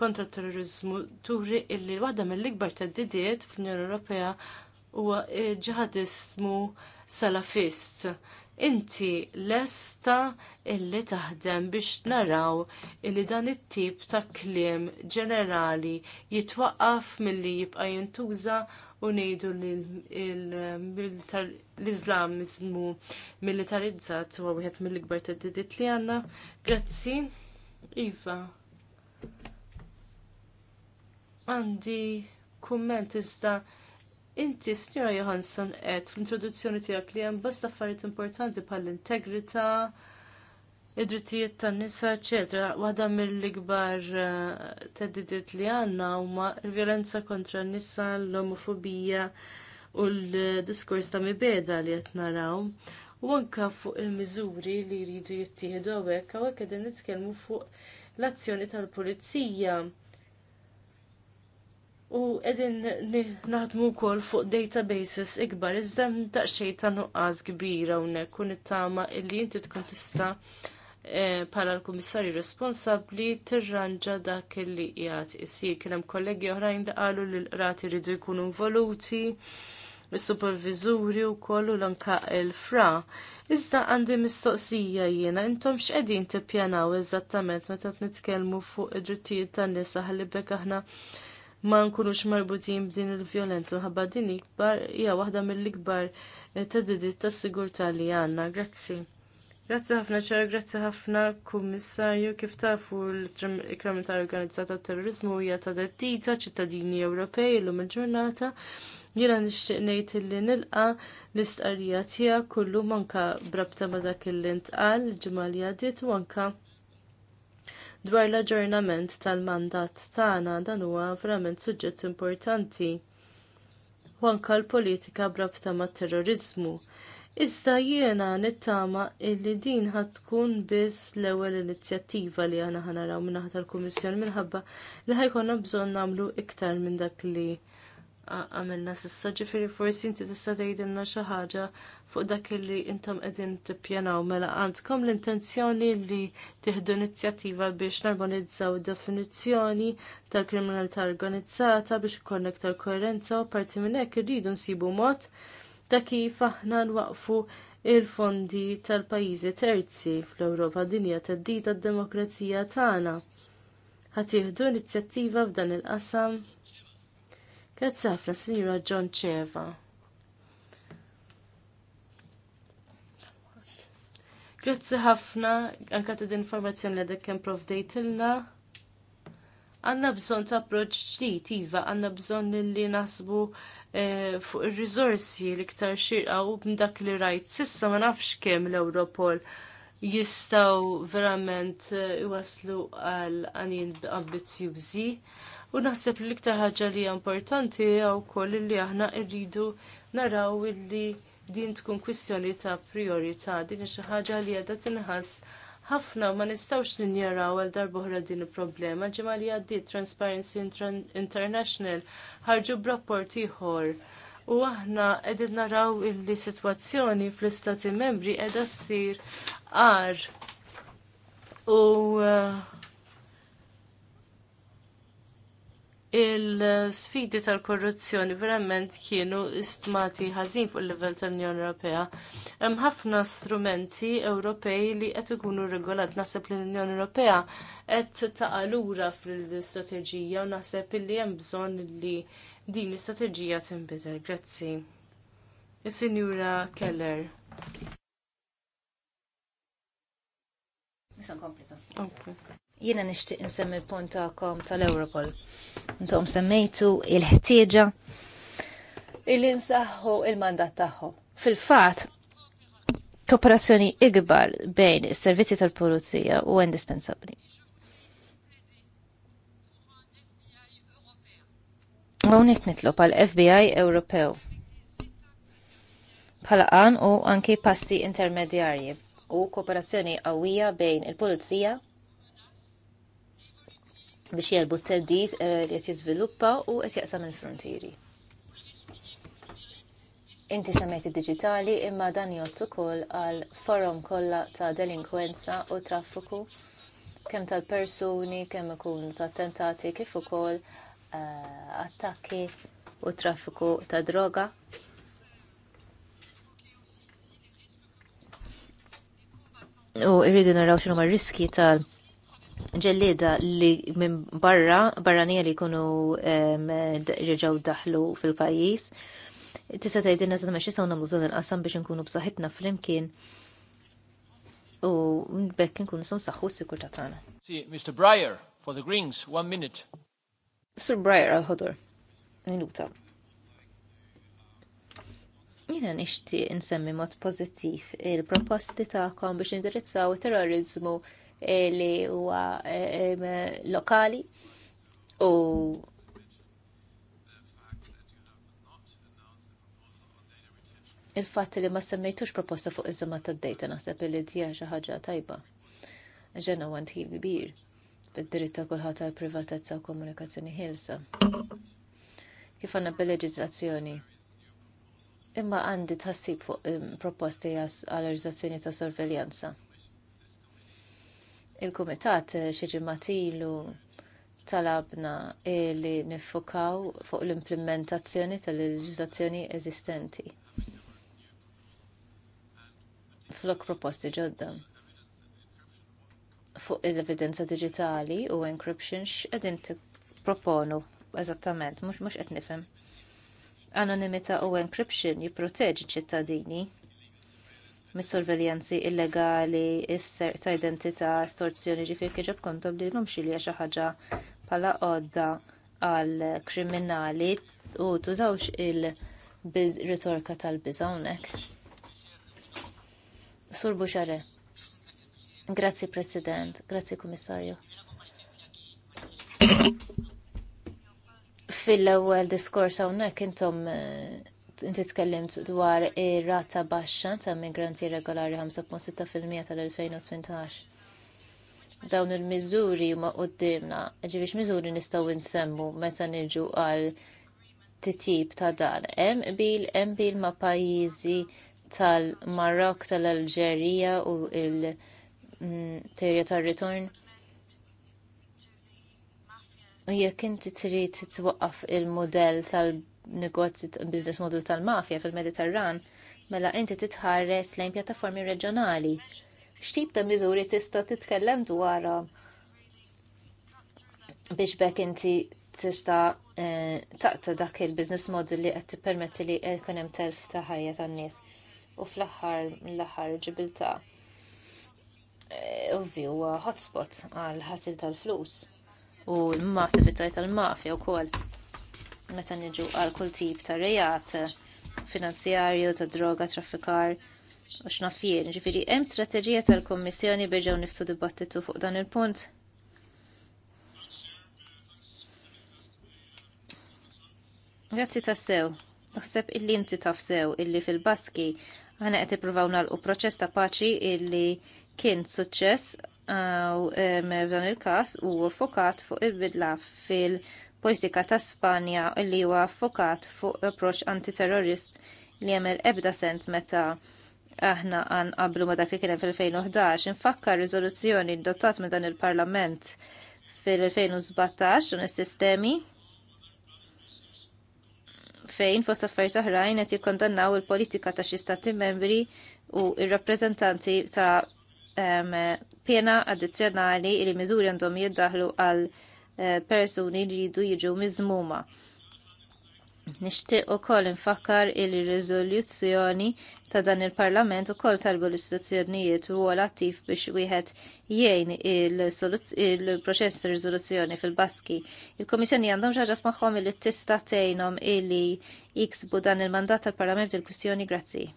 kontra terrorizmu turi illi waħda mill-ikbar theddidiet fl-Unjoni Ewropea huwa ġihadismu salafist. Inti lesta illi taħdem biex naraw illi dan it-tip ta' kliem ġenerali jitwaqqaf milli jibqa' jintuża u nejdu l-Islamizmu militarizzat u għawihet mill-gbar t-didit li għanna. Grazzi, Iva. Għandi kumment iżda Inti, Sinjora Johansson, qed fl-introduzzjoni tiegħek li hemm bosta affarijiet importanti bħall-integrità, id-drittijiet tan-nisa, eċetera. Waħda mill-ikbar eh, teddidiet li għandna huma l-vjolenza kontra n-nisa, l-omofobija u l-diskors ta' mibeda li qed naraw. U anke fuq il-miżuri li jridu jittieħdu hawnhekk hawnhekk qegħdin nitkellmu fuq l-azzjoni tal-pulizija u edin naħdmu kol fuq databases ikbar, iżda daqxej ta' nuqqas kbira unek it nittama illi inti tkun tista' eh, pala l-komissarju responsabli tirranġa dak li jgħat isir. Kienem kollegi oħrajn li qalu li l-qrati rridu jkunu involuti, il-supervizuri u kollu l-anka il-fra. Iżda għandi mistoqsija jiena, intom x'qegħdin tippjanaw eżattament meta nitkellmu fuq id-drittijiet tan-nisa ħalli bekk aħna ma nkunux marbutin b'din il-vjolenza minħabba din ikbar hija waħda mill-ikbar eh, tadidiet tas-sigurtà li għandna. Grazzi. Grazzi ħafna ċar, grazzi ħafna kummissarju kif tafu l-kriminalità organizzata terrorizmu hija ta' dettita ċittadini Ewropej illum il-ġurnata. Jiena nixtieq ngħid illi nilqa l-istqarrija tiegħek kullu manka brabta ma' dak il-lint qal ġimgħa li għaddiet u anka dwar l-aġġornament tal-mandat tagħna dan huwa verament suġġett importanti. U l-politika brabta mat terrorizmu. Iżda jiena nittama illi din ħad tkun biss l-ewwel inizjattiva li aħna ħanaraw minn tal-Kummissjoni minħabba li ħajkonna bżonn nagħmlu iktar minn dak li għamilna sissa ġifiri forsi inti tista' tgħidilna xi ħaġa fuq dak li intom qegħdin tippjanaw mela għandkom l-intenzjoni li tieħdu inizjattiva biex narmonizzaw definizzjoni tal-kriminalità organizzata biex ikun aktar koerenza u parti minn hekk irridu nsibu mod ta' kif aħna nwaqfu il-fondi tal-pajjiżi terzi fl-Ewropa dinja tad-dita d-demokrazija tagħna. Ħatieħdu inizjattiva f'dan il-qasam Grazzi ħafna, signora John Ceva. Grazzi ħafna, anka ta' din informazzjoni li dak kemm provdejtilna. Għandna bżon ta' approċ ġdid, iva, għanna bżon li nasbu eh, fuq ir-riżorsi l-iktar xirqa u b'dak li rajt. Sissa ma nafx kemm l-Europol jistaw verament eh, iwaslu għal għanin ambizjużi. U naħseb li iktar ħaġa li hija importanti hija wkoll li aħna rridu naraw illi din tkun kwistjoni ta' priorità, din xi ħaġa li qiegħda tinħass ħafna ma nistawx ninjaraw għal darbohra din il-problema. ġimgħa li għaddi Transparency International ħarġu b'rapport ieħor U aħna qegħdin naraw illi sitwazzjoni fl-istati membri qiegħda ssir għar. U uh, il-sfidi tal-korruzzjoni verament kienu istmati ħażin fuq il-livell tal-Unjoni Ewropea. Hemm ħafna strumenti Ewropej li qed ikunu regolat naħseb li l-Unjoni Ewropea qed taqa' lura fl-istrateġija u naħseb li hemm bżonn li din l-istrateġija tinbidel. Grazzi. Is-Sinjura Keller. Nisan kompleta. Okay. Jiena nixtieq insemmi punt tagħkom tal-Europol. Intom semmejtu il-ħtieġa illi insaħħu il-mandat tagħhom. Fil-fatt, kooperazzjoni ikbar bejn is-servizzi tal-pulizija u indispensabbli. Hawnhekk nitlob għal FBI Ewropew bħala qan u anki passi intermedjarji u kooperazzjoni qawwija bejn il-pulizija biex jelbu t teddiz eh, li qed jiżviluppa u qed jaqsam il-frontieri. Inti semmejt id-diġitali imma dan jgħod ukoll għal forum kollha ta' delinkwenza u traffiku kemm tal-persuni, kemm ikun ta' attentati kif ukoll eh, attakki u traffiku ta' droga. U irridu naraw xhuma r-riski tal- ġellida li minn barra, barranija li jkunu ġeġaw daħlu fil-pajis. Tista' tgħidilna sa mex jistgħu nagħmlu f'dan il-qasam biex nkunu b'saħħitna flimkien u bekk nkunu nistgħu nsaħħu s-sikurtà tagħna. Mr. Breyer for the Greens, one minute. Sir Breyer għal-ħodur. Minuta. Jena nishti nsemmi mod pozittiv il-proposti tagħkom biex indirizzaw terrorizmu Eh, li huwa eh, eh, lokali u il-fatt li ma semmejtux proposta fuq iż-żama tad-dejta naħseb li dija xi ħaġa tajba. Ġenna għand ħin kbir fid-dritt ta' kulħadd tal privatezza u komunikazzjoni ħilsa. Kif għandna bil-leġiżlazzjoni. Imma għandi tħassib fuq ehm, proposti għal leġiżlazzjoni ta' sorveljanza. Il-Kumitat eh, xi talabna li niffokaw fuq l-implementazzjoni tal-leġiżlazzjoni eżistenti. Flok proposti ġodda fuq l-evidenza digitali u encryption x'qegħdin tipproponu eżattament, mhux mhux qed nifhem. Anonimità u encryption jipproteġi ċittadini mis-sorveljanzi illegali, is-serq ta' identità, estorzjoni, ġifir kieġob kontom li l-lum xilja xaħġa pala odda għal kriminali u tużawx il-ritorka tal-bizawnek. Sur Buxare. Grazzi President, grazzi Kummissarju. Fil-ewwel diskors hawnhekk intom uh, inti tkellimt dwar ir-rata baxxa ta' migranti regolari 5.6% tal-2018. Dawn il-miżuri ma' qudiemna, ġivix miżuri nistgħu nsemmu meta niġu għal titjib ta' dan. Hemm bil hemm bil ma' pajjiżi tal-Marok, tal-Alġerija u il-terja mm, tar-ritorn. U jekk inti trid titwaqqaf il-modell tal- negozji business model tal-mafja fil-Mediterran, mela inti titħares lejn pjattaformi reġjonali. X'tip ta' miżuri tista' titkellem dwarha biex bekk inti tista' eh, taqta dak il-business model li qed tippermetti li jkun hemm telf ta' ħajja tan-nies. U fl-aħħar l-aħħar ġibilta eh, ovvju hotspot għal ħasil tal-flus u l-mafja tal-mafja wkoll meta niġu għal kull tip ta' rejat finanzjarju, ta' droga, traffikar, u xnafjien. Ġifiri, hemm strateġija tal-Kommissjoni bieġaw niftu dibattitu fuq dan il-punt? Grazzi ta' sew. Naħseb illi inti taf sew illi fil-Baski għana qed ippruvaw nagħlqu proċess ta' paċi illi kien suċċess uh, u eh, f'dan il-każ u fokat fuq il-bidla fil- politika ta' Spanja li huwa affokat fuq approċċ antiterrorist li jemel ebda sens meta aħna għan qablu ma dak li kienem fil-2011, infakkar rizoluzzjoni dottat minn dan il-Parlament fil-2017 dun is-sistemi fejn fost affarijiet oħrajn qed jikkondannaw il-politika ta' xi stati membri u ir-rappreżentanti ta' um, pena addizzjonali li miżuri għandhom jiddaħlu għal persuni li jridu jiġu miżmuma. Nixtieq ukoll infakkar il-riżoluzzjoni ta' dan il-Parlament ukoll talbu l u wol attiv biex wieħed jgħin il-proċess il rezoluzzjoni fil-Baski. Il-Komissjoni għandhom ġaġa f'magħhom li tista' tgħinhom illi jiksbu dan il-mandat tal-Parlament il-kwistjoni grazzi.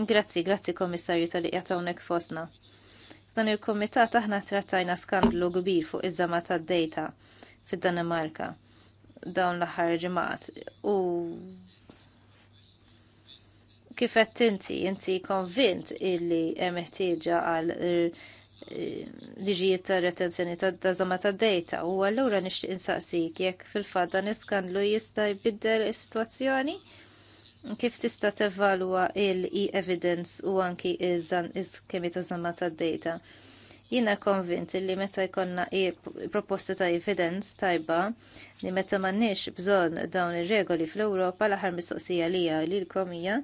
Grazzi, grazzi komissarju tal-li jatawnek fosna. F'dan il-komitat aħna trattajna skandlu kbir fuq iż-żama tad-dejta fid-Danimarka dawn l-aħħar ġimgħat u kif qed inti inti konvint illi hemm ħtieġa għal eh, liġijiet ta' retenzjoni ta' żama tad-dejta u allura nixtieq insaqsik jekk fil-fatt dan iskandlu jista' jbiddel is-sitwazzjoni? is sitwazzjoni kif tista' tevalwa il-e-evidence u anki iż-kemi ta' zamma tad data. Jina konvint li meta jkonna proposta ta' evidence tajba li meta mannix bżon dawn ir-regoli fl-Ewropa l-aħħar mistoqsija lija li l-komija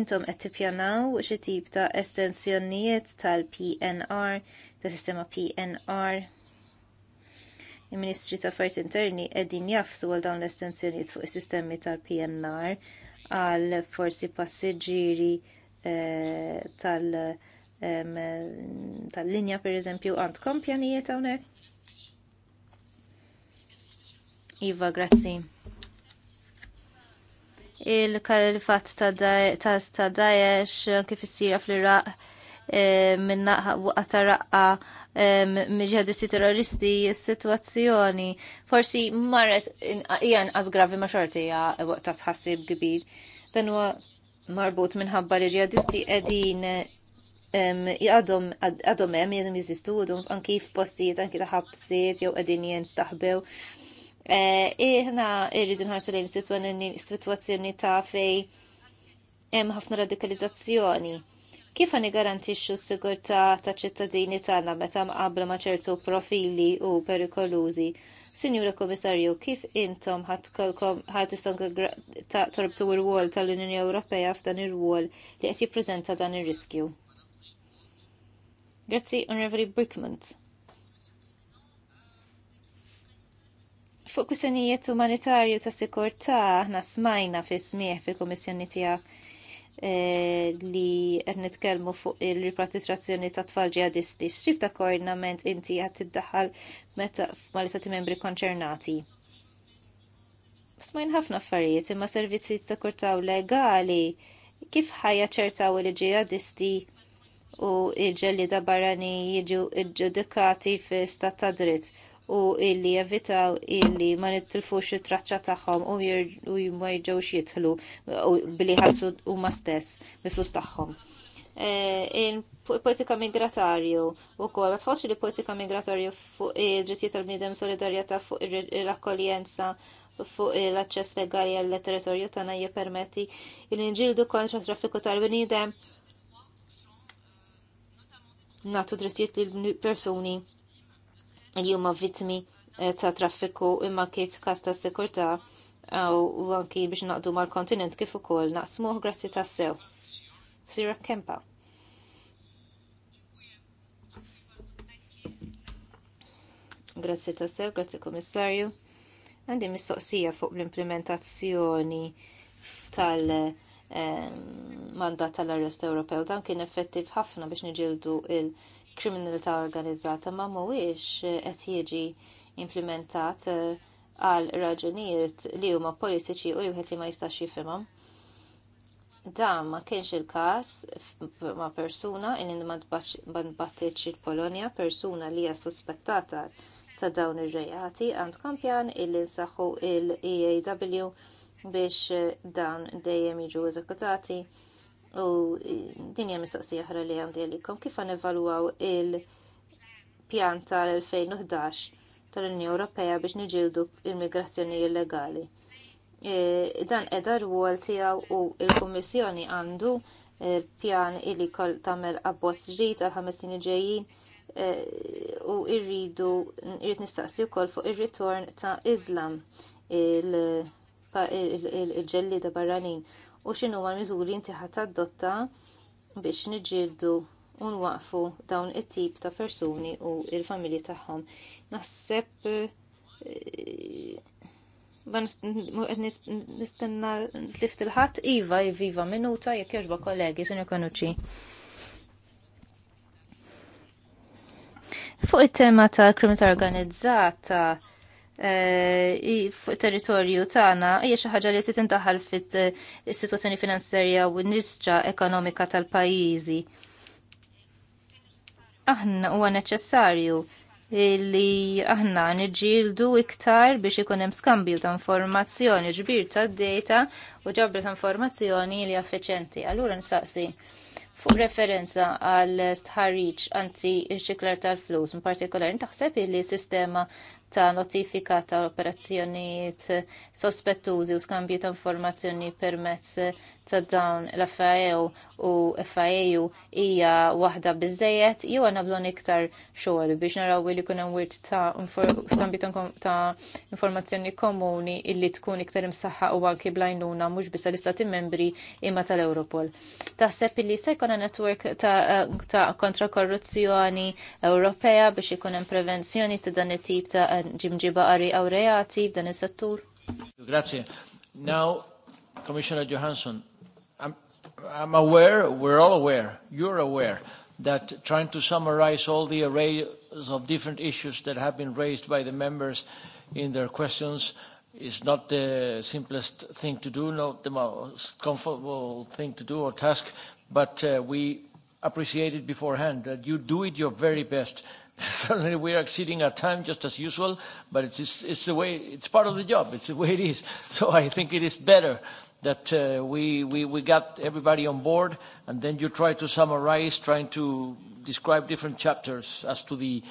intom qed tippjanaw xi tip ta' estensjonijiet tal-PNR, ta' sistema PNR. Il-Ministri ta' Affarijiet Interni qegħdin jafsu għal dawn l-estensjonijiet fuq is-sistemi tal-PNR għal forsi passiġġieri eh, tal-linja pereżempju per eżempju hawnhekk? Iva, grazzi. Il-kalifat ta' Daesh kif issira fl-Iraq eh, minna ta' raqqa ġihadisti terroristi s-situazzjoni. Forsi marret hija inqas gravi ma' xorti hija waqt ta' tħassib kbir. Dan huwa marbut minħabba li ġihadisti qegħdin għadhom għadhom hemm jien jeżistu anki f'postijiet anki ta' ħabsiet jew qegħdin jinstaħbew. E, Iħna irridu nħarsu lejn is-sitwazzjoni ta' fej hemm ħafna radikalizzazzjoni Kif għani garantixxu s-sigurtà ta' ċittadini tagħna meta mqabbla ma' ċertu profili u perikolużi? Sinjura Komissarju, kif intom ħatkolkom ta torbtu r-wol tal-Unjoni Ewropea f'dan ir-wol li qed jippreżenta dan ir-riskju? Grazzi, Onorevoli Brickmont. Fuq kwistjonijiet umanitarju ta' sikurtà aħna smajna fi smieħ fi komissjoni tiegħek Eh, li qed nitkellmu fuq il-ripartistrazzjoni ta' tfal ġihadisti. X'tip ta' koordinament inti qed tiddaħħal meta mal-istati membri konċernati? Smajn ħafna affarijiet imma servizzi ta' kurtaw legali kif ħajja ċertaw li ġihadisti u il-ġelli da barani jiġu ġudikati fi stat ta' dritt u illi jevitaw illi ma nittilfux it-traċċa tagħhom u ma jġewx jidħlu billi ħassu huma stess bi-flus tagħhom. E, in politika migratorju u kol, ma tħossx li politika migratorju fuq il-ġittijiet tal-bniedem solidarjeta fuq l-akkoljenza fuq l-aċċess legali għall territorju tagħna jippermetti li nġildu kontra traffiku tal-bniedem natu drittijiet lill persuni li huma vittmi eh, ta' traffiku imma kif każ ta' sikurtà u anki biex naqdu mal-kontinent kif ukoll naqsmuh grassi ta' sew. Sira Kempa. Grazzi ta' sew, grazzi komissarju. Għandi mistoqsija fuq l-implementazzjoni tal- eh, mandat tal-arrest Ewropew dan kien effettiv ħafna biex niġildu il- kriminalità organizzata ma mhuwiex eh, qed jiġi implementat eh, għal raġunijiet li huma politiċi u wieħed li ma jistax jifhimhom. Dan ma kienx il-każ ma' persuna in ma nbattiċ il-Polonja, persuna li hija suspettata ta' dawn ir-rejati għand pjan illi nsaħħu il-EAW biex eh, dan dejjem jiġu eżekutati U din hija mistoqsija oħra li għandi għalikom kif għan evalwaw il-pjan tal-2011 tal-Unjoni Ewropea biex niġildu il-migrazzjoni illegali. E, dan edha rwol tiegħu u il-Kummissjoni għandu il-pjan e, illi kol tamel abbozz ġdid għal ħames snin ġejjin e, u irridu irrid nistaqsi wkoll fuq ir-ritorn ta' Islam il-ġelli ta' barranin u xinu għal l-miżuri intiħat adotta biex niġġieldu u nwaqfu dawn it-tip ta' persuni u l familji tagħhom. Naħseb eh, nistenna tlift il-ħadd iva jviva minuta jekk jogħġba kollegi sinja Kanuċi. Fuq it-tema ta' kriminalità organizzata Eh, fuq territorju tagħna hija xi ħaġa li trid intaħal fit-sitwazzjoni eh, finanzjarja u nisġa ekonomika tal-pajjiżi. Aħna huwa neċessarju li aħna niġġieldu iktar biex ikun hemm skambju ta' informazzjoni, ġbir ta' data u ġabra ta' informazzjoni li effiċenti. Allura nsaqsi fuq referenza għal stħarriċ anti ċiklar tal-flus, in partikolari taħseb li sistema ta' notifika ta' operazzjonijiet sospettużi u skambju ta' informazzjoni permezz ta' dawn l-FAEU u FAEU hija waħda biżejjed jew għandna bżonn iktar xogħol biex naraw li jkun hemm wirt ta' skambju ta' informazzjoni komuni illi tkun iktar imsaħħa u anki blajnuna mhux biss tal-istati membri imma tal ewropol Taħseb illi se jkun network ta', ta kontra korruzzjoni Ewropea biex ikun hemm prevenzjoni ta' dan it-tip ta' ġimġiba qari għaw reati f'dan is-settur? Grazie. Now, Commissioner Johansson, I'm aware, we're all aware, you're aware, that trying to summarize all the arrays of different issues that have been raised by the members in their questions is not the simplest thing to do, not the most comfortable thing to do or task, but uh, we appreciate it beforehand, that you do it your very best. Certainly we are exceeding our time just as usual, but it's, it's, it's the way, it's part of the job, it's the way it is. So I think it is better that uh, we, we, we got everybody on board, and then you try to summarize, trying to describe different chapters as to the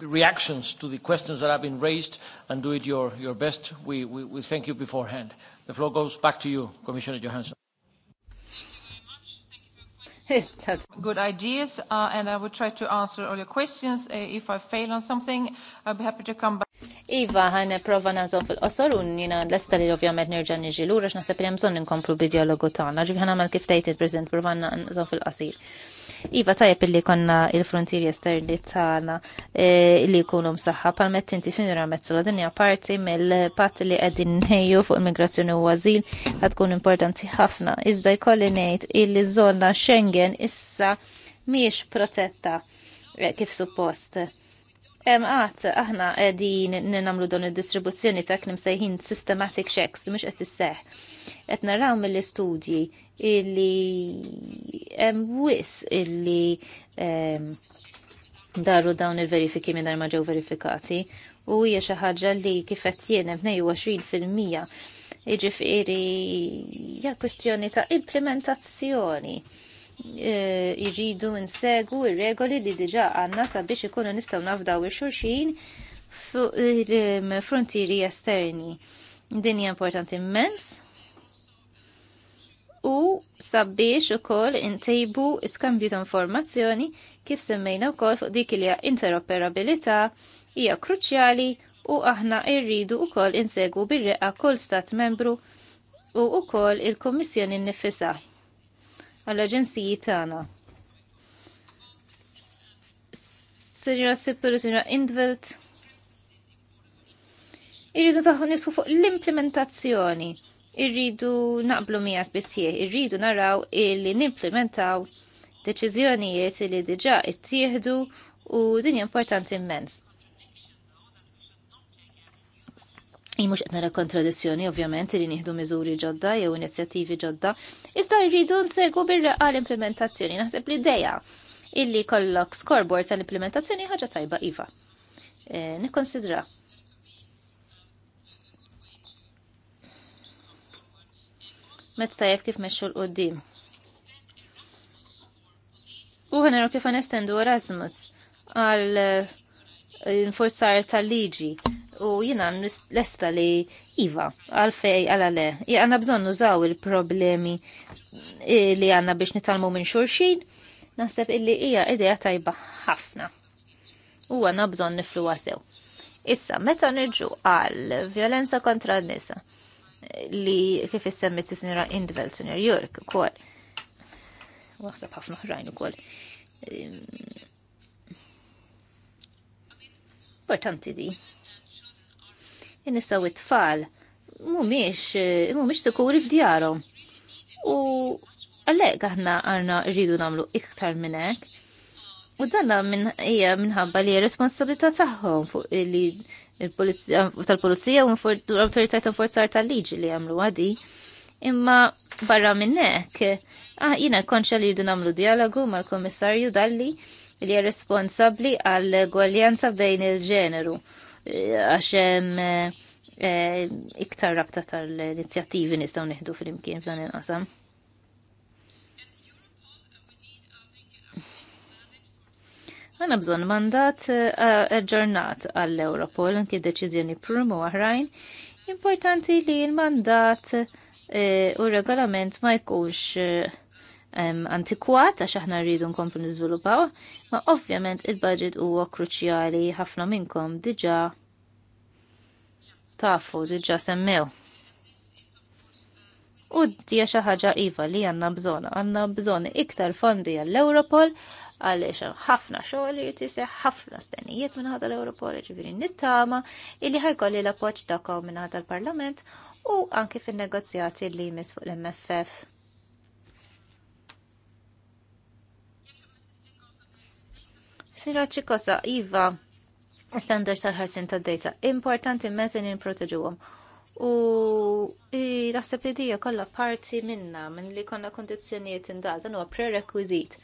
reactions to the questions that have been raised, and do it your, your best. We, we, we thank you beforehand. The floor goes back to you, Commissioner Johansson. good ideas, uh, and I will try to answer all your questions. Uh, if I fail on something, I'll be happy to come back. Iva, ħan prova nazon fil-qosor un jina l-esta li ovvjament nerġa niġi l-ura x'naħseb li bżon ninkomplu bid-dialogu tagħna. Ġifi ħan għamal kif tgħid il-preżent prova nazon fil-qasir. Iva, tajjeb illi konna il-frontieri esterni tagħna eh, li jkunu msaħħa pal mettinti sinjura mezzola dinja parti mill pat li qegħdin nħeju fuq immigrazzjoni u għazil, għad tkun importanti ħafna. Iżda jkolli ngħid illi żonna Schengen issa mhijiex protetta eh, kif suppost Għat, aħna n-namlu don il-distribuzzjoni ta' knim sejħin systematic checks, mux għet seħ Għet naraw mill-istudji illi wis illi daru dawn il-verifiki minn dar ġew verifikati u hija xi ħaġa li kif qed jien fil-mija, jiġifieri hija kwestjoni ta' implementazzjoni. Eh, irridu nsegu il regoli li diġà għandna sabiex ikunu nistgħu nafdaw il xulxin fuq il-frontieri esterni. Din hija importanti immens u sabiex ukoll intejbu iskambju ta' informazzjoni kif semmejna wkoll fuq dik li interoperabilità hija kruċjali u aħna rridu wkoll insegu bir-reqqa kull stat membru u wkoll il-Kummissjoni nnifisha għall-aġenziji tagħna. Sinjora Sippel u Sinjora Indvelt. Irridu taħu nisfu fuq l-implementazzjoni. Irridu naqblu miegħek bisieħ, irridu naraw illi nimplementaw deċiżjonijiet li diġà ittieħdu u din importanti immens. Imux qed nara kontradizzjoni ovvjament li nieħdu miżuri ġodda jew inizjattivi ġodda, iżda jridu nsegu birra reqa implementazzjoni Naħseb li d-deja illi kollok scoreboard tal-implementazzjoni ħaġa tajba iva. E, Nikkonsidra. Mezz tajjeb kif meċxu l-qoddim. U ħanero kif għanestendu Erasmus għal eh, inforzar tal-liġi u jina l-esta li Iva, għalfej għalale, għanna bżon nużaw il-problemi eh, li għanna biex nitalmu minn xurxin, naħseb illi hija ideja tajba ħafna. U għanna bżon niflu għasew. Issa, meta nġu għal violenza kontra n-nisa li kif jissemmi t-sinjura Indvel, sinjur Jurk, kol. Waħseb ħafna ħrajn u kol. Ehm, importanti di in it tfal mumiex mumiex sikuri f'djarhom. U għalhekk aħna għandna rridu nagħmlu iktar minn hekk. U danna minn hija minħabba li responsabilita tagħhom fuq li tal-pulizija u l autoritajt ta' forzar tal-liġi li għamlu għadi. Imma barra minnek, ah, jina konċa li jidun għamlu dialogu mal-komissarju dalli li hija responsabli għal gwaljanza bejn il-ġeneru għaxem eh, eh, iktar rabta tal-inizjattivi nistgħu neħdu fil-imkien f'dan il-qasam. Għana bżon mandat eh, ġurnat għall-Europol, nki deċizjoni prum u għahrajn. Importanti li l-mandat u regolament ma jkunx antikwat għax aħna rridu nkomplu nizvilupaw, ma ovvjament il-budget huwa kruċjali ħafna minnkom diġà tafu diġà semmew. U dija xi ħaġa iva li għandna bżonn, għandna bżonn iktar fondi għall-Europol għaliex ħafna xogħol jrid jiseħ ħafna stennijiet minn ħadd l-Europol, ġifieri nittama illi ħajkolli l-appoġġ dakkaw minn ħadd l-Parlament u anke fin-negozjati li jmiss fuq l-MFF Siraċi kosa, Iva, standards tal-ħarsin tal data. Importanti mezzin in U l li dija kollha parti minna minn li konna kondizjoniet indazan huwa prerequisit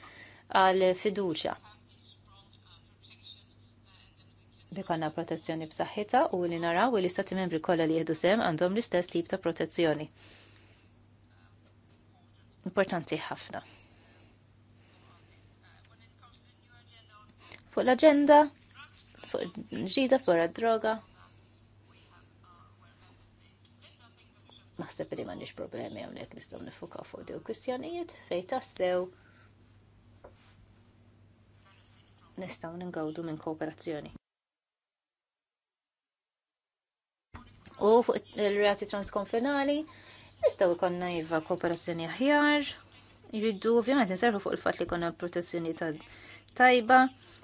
għal fiduċja. Bi konna protezzjoni b'saħħitha u li naraw li stati membri kollha li jieħdu sem għandhom l-istess tip ta' protezzjoni. Importanti ħafna. fuq l-agenda, fuq ġida, fuq droga. Naħseb li ma problemi hawnhekk nistaw nifuka fuq dew kwistjonijiet fej tassew nistaw ningawdu minn kooperazzjoni. U fuq il-reati transkonfinali nistaw konna jiva kooperazzjoni aħjar. Jiddu ovvjament nserħu fuq il-fat li konna protezzjoni ta' tajba,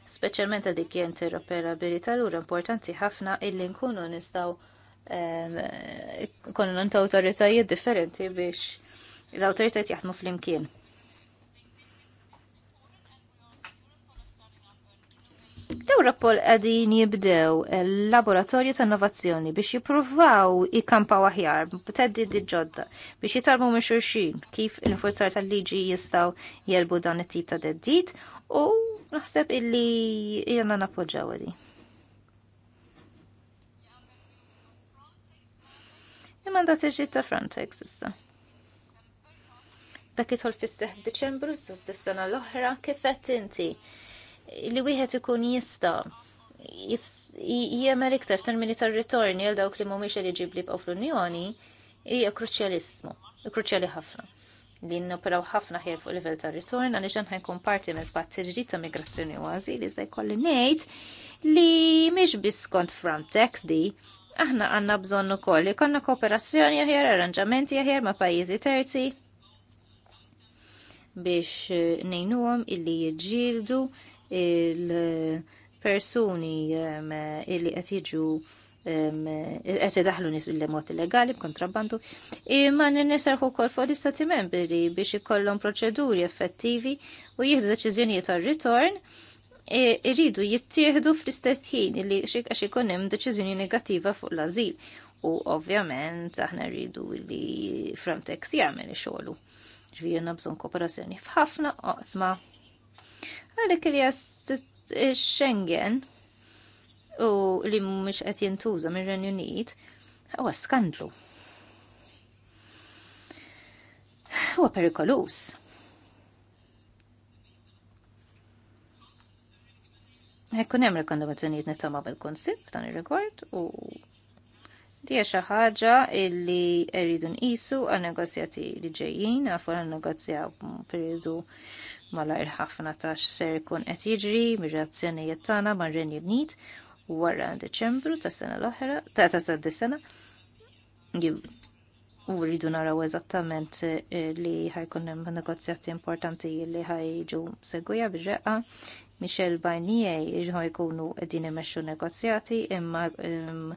speċjalment għal dik interoperabilità lura importanti ħafna illi nkunu nistgħu nkunu um, nint differenti biex l-awtoritajiet jaħdmu flimkien. L-Europol għadin jibdew laboratorju ta' innovazzjoni biex jipruvaw ikampaw aħjar, b'teddi di ġodda, biex jitalmu minn kif il-forzar tal-liġi jistaw jelbu dan it-tip ta' deddit u naħseb illi jenna napoġġaw għadi. Il-mandat iġi ta' Frontex issa. Dak jitħol fis-seħ Deċembru s-sena l-oħra kifet inti li wieħed ikun jista' jemel iktar termini tar ritorni għal dawk li mhumiex eliġibbli b'għaw b'offru unjoni hija kruċjalismu, kruċjali ħafna li n-operaw ħafna ħir fuq livell ta' ritorn għaliex għan ħajkun parti mill patterġi ta' migrazzjoni u għażil iżda jkolli ngħid li mhix biss kont Frontex di aħna għandna bżonn ukoll li konna kooperazzjoni aħjar, arranġamenti aħjar ma' pajjiżi terzi biex eh, ngħinuhom illi jiġġieldu il-persuni ehm, illi qed jiġu qed idaħlu nies l-mod illegali b'kontrabbandu. Imma nisarħu wkoll fuq l-istati membri biex ikollhom proċeduri effettivi u jieħdu deċiżjonijiet għal ritorn irridu jittieħdu fl-istess ħin li għax ikun hemm deċiżjoni negattiva fuq l-ażil. U ovvjament aħna rridu li Frontex jagħmel xogħlu. Ġviri nabżon kooperazzjoni f'ħafna oqsma. Għalhekk li Schengen u li mhumiex qed jintuża mir-Renju Unit huwa skandlu. Huwa perikolus. Ekkun hemm rekomendazzjonijiet nittama bil konsip f'dan ir-rigward u di xi ħaġa illi rridu nqisu għal negozjati li ġejjin, għafu għal negozjaw periodu malajr ħafna tax ser kun qed jiġri mir-reazzjonijiet tagħna mar-Renju wara Deċembru ta' sena l-oħra, ta' ta' sa' sena u rridu naraw eżattament eh, li ħajkun hemm negozjati importanti li ħajġu segwija bil reqqa Michel Barnier irħu jkunu qegħdin imexxu negozjati imma ehm,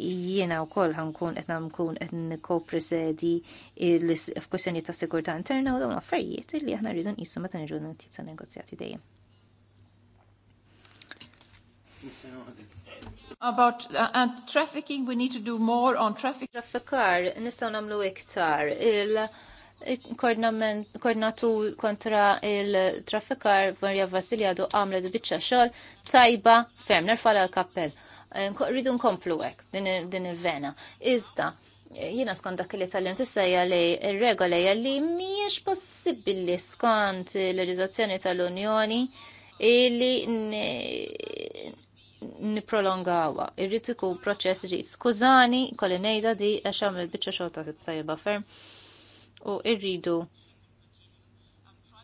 jiena wkoll ħankun qed nkun qed nikkopri sedi f'kwistjoni ta' sigurtà interna u dawn affarijiet li aħna rridu jissu meta nirġu tip ta' negozjati dejjem. About uh, and trafficking, we need to do more on traffic. Traffikar, nistaw namlu iktar. Il-koordinatur kontra il-traffikar, Marja Vasiljadu, għamlet bieċa xol, tajba, ferm, nerfala l-kappell. Eh, rridu nkomplu għek, din il-vena. Iżda, jina skont dak li tal-lim tissajja li regola li miex possibili skont l-reġizzazzjoni tal-Unjoni illi niprolongawa. Irrit ikun proċess ġit. Skużani, kolli ngħidha di għax għamil biċċa xorta ta' tajba ferm u irridu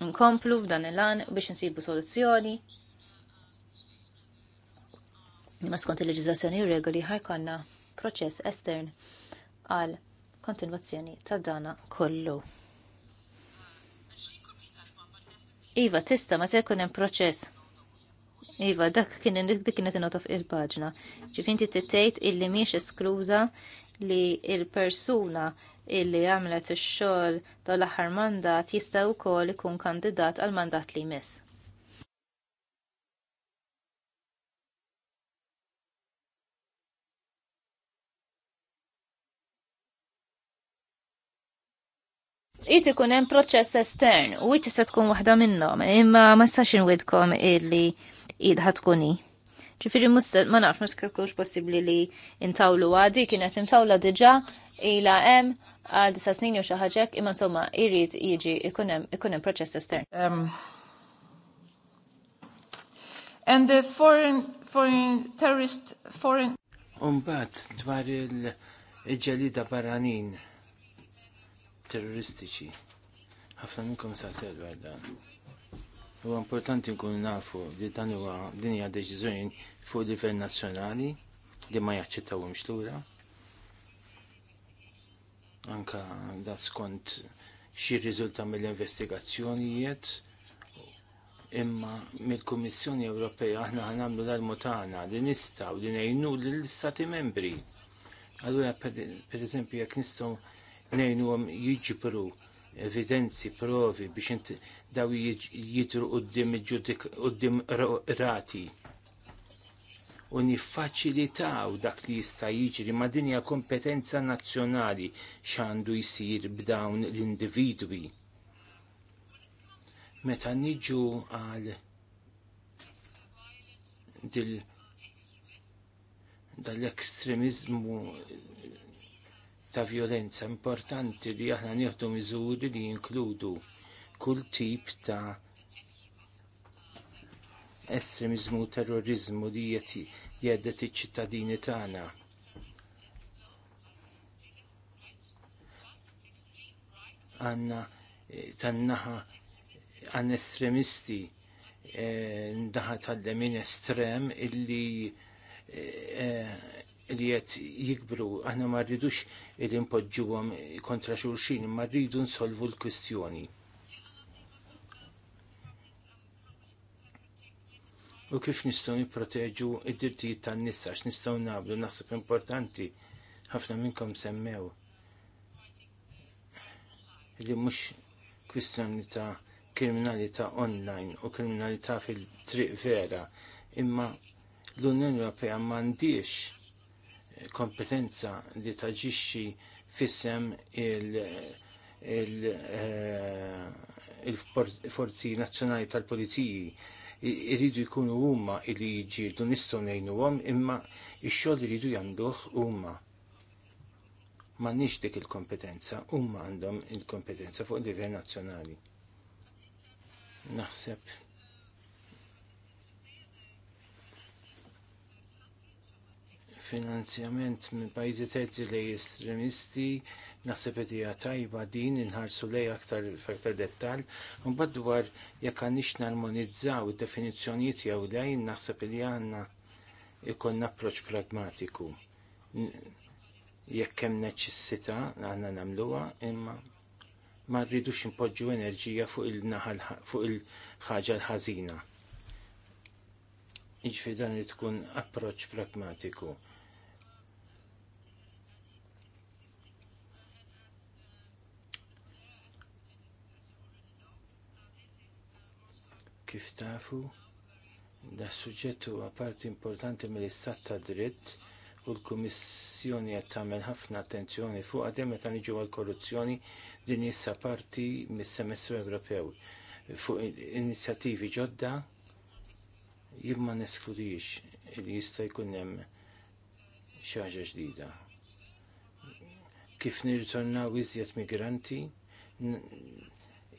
nkomplu f'dan il-lan biex nsibu soluzzjoni. Ma skont il-leġiżlazzjoni u regoli ħajkonna proċess estern għal kontinwazzjoni ta' dana kollu. Iva, tista ma tkun hemm proċess Iva, dak kien dik kienet inota il-paġna. Ġifinti t-tejt illi miex eskluża li il-persuna illi għamlet ix-xogħol tal-aħħar mandat jista' wkoll ikun kandidat għal mandat li jmiss. Irrid ikun hemm proċess estern u tista' tkun waħda minnhom, imma ma sax inwidkom illi idħa tkuni. Ġifiri, ma nafx, ma kux possibli li intawlu għadi, kienet intawla diġa, ila em, għal sa' snin jew xi ħaġek, imma insomma jrid jiġi ikun hemm proċess estern. Um, and the foreign foreign terrorist foreign Umbat dwar il-ġelida barranin terroristiċi. Ħafna minnkom sa' sedwar dan. U importanti nkunu nafu li dan huwa din hija deċiżjoni fuq livell nazzjonali li ma jaċċettawhomx lura. Anka da skont xi riżulta mill-investigazzjonijiet imma mill-Kummissjoni Ewropea aħna ħanamlu l tagħna li nistgħu li ngħinu lill istati membri. Allura, pereżempju jekk nistgħu ngħinuhom jiġbru evidenzi, provi biex daw jitru qoddim rati u niffaċilitaw dak li jista' jiġri ma' dinja kompetenza nazzjonali x'għandu jsir b'dawn l-individwi. Meta niġu għal dil dal-ekstremizmu ta' violenza importanti li aħna nieħdu miżuri li jinkludu kull tip ta' estremizmu u terrorizmu li jeddet iċ-ċittadini tagħna. Għanna eh, tan-naħa għan estremisti eh, ndaħa tal-lemin estrem illi eh, li jett jikbru, għana marridux il-impoġġuwam kontra xurxin, marridu nsolvu l-kwistjoni. u kif nistgħu nipproteġu id-dirtijiet tan-nisa x'nistgħu nagħmlu naħseb importanti ħafna minnkom semmew li mhux kwistjoni ta' kriminalità online u kriminalità fil-triq vera imma l-Unjoni Ewropea m'għandix kompetenza li taġixxi fissem il- eh, il-forzi il, il, il, nazzjonali tal pulizija irridu jkunu huma li jġirdu nistgħu ngħinuhom imma x-xogħol iridu jagħmluh huma. M'għandniex dik il-kompetenza, huma għandhom il-kompetenza fuq livell nazzjonali. Naħseb finanzjament minn pajjiżi terzi lej estremisti Nasib idea tajba din inħarsu lej aktar f'aktar dettal, un dwar jekk għandix narmonizzaw id-definizzjonijiet jew lejn naħseb li għandna ikon approċ pragmatiku. Jekk hemm neċessità għandna nagħmluha, imma ma rridux impoġġu enerġija fuq il-naħal fuq il-ħaġa l-ħażina. Jiġifieri dan li tkun approċ pragmatiku. Kif tafu, da s-suġġettu huwa parti importanti mill-istat ta' dritt u l-Kummissjoni qed tagħmel ħafna attenzjoni fuq għadem meta niġu għal korruzzjoni din issa parti mis-semestru Ewropew. Fuq inizjattivi ġodda jien ma li jista' jkun hemm xi ħaġa ġdida. Kif nirritornaw iżjed migranti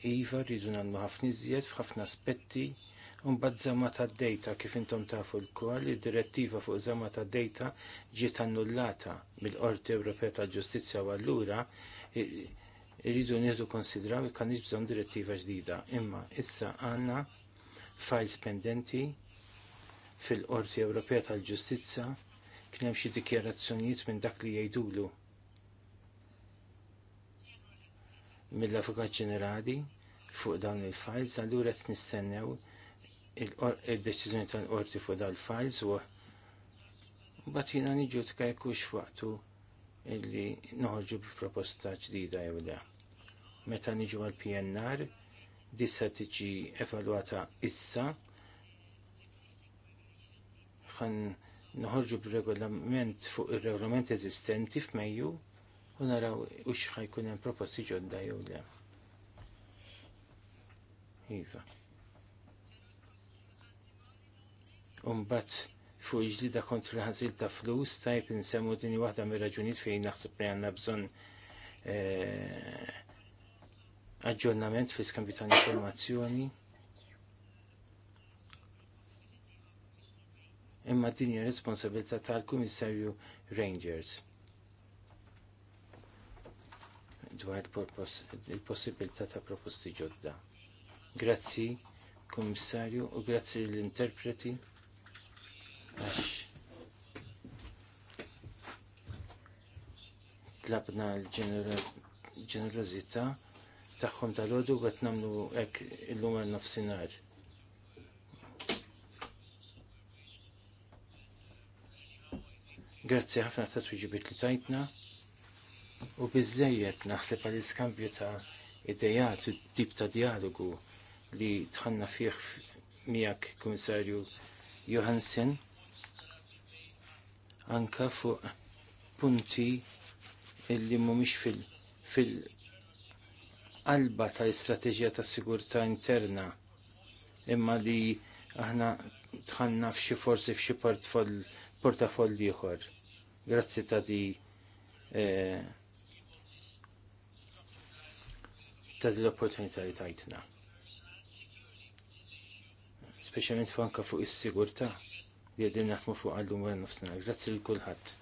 iva rridu nagħmlu ħafna iżjed f'ħafna aspetti u mbagħad żama tad-dejta kif intom tafu l-kol id-direttiva fuq żama tad-dejta ġiet annullata mill-Qorti Ewropea tal-Ġustizzja u allura rridu nieħdu konsidraw kan bżonn direttiva ġdida. Imma issa għandna files pendenti fil-Qorti Ewropea tal-Ġustizza kien hemm xi dikjarazzjonijiet minn dak li jgħidulu mill-Avukat Ġenerali fuq dawn il-files, allura qed nistennew il-deċiżjoni tal-qorti fuq dawn il-files u mbagħad jiena niġu tkajkux waqtu illi noħorġu b'proposta ġdida jew le. Meta niġu għal PNR, disa tiġi evalwata issa ħan noħorġu b'regolament fuq ir regolament eżistenti f'Mejju u naraw u xħajkun hemm proposti ġodda jew le. Iva. Umbat fuq ġlida kontru ħażil ta' flus tajb insemmu din waħda mir-raġunijiet fejn naħseb li għandna bżonn eh, aġġornament fl-iskambju ta' informazzjoni. Imma din hija responsabilità tal-Kummissarju Rangers dwar il-possibilità ta' proposti ġodda. Grazzi, komissarju, u grazzi l-interpreti. Tlabna l-ġenerozita tagħhom tal-ħodu għat namlu ek il lumar nafsinar. Grazzi ħafna ta' tuġibit li tajtna u bizzejiet naħseb għal iskambju ta' idejat u tip ta' dialogu li tħanna fih miak komissarju Johansen anka fuq punti illi mhumiex fil, fil qalba tal-istrateġija ta' sigurtà interna imma li aħna tħanna f'xi forsi f'xi portafoll ieħor. Grazzi ta' di eh, ta' l-opportunità li tajtna. Speċjalment fanka fuq is-sigurtà li qegħdin naħdmu fuq għallum għal nofsinhar. Grazzi l kulħadd.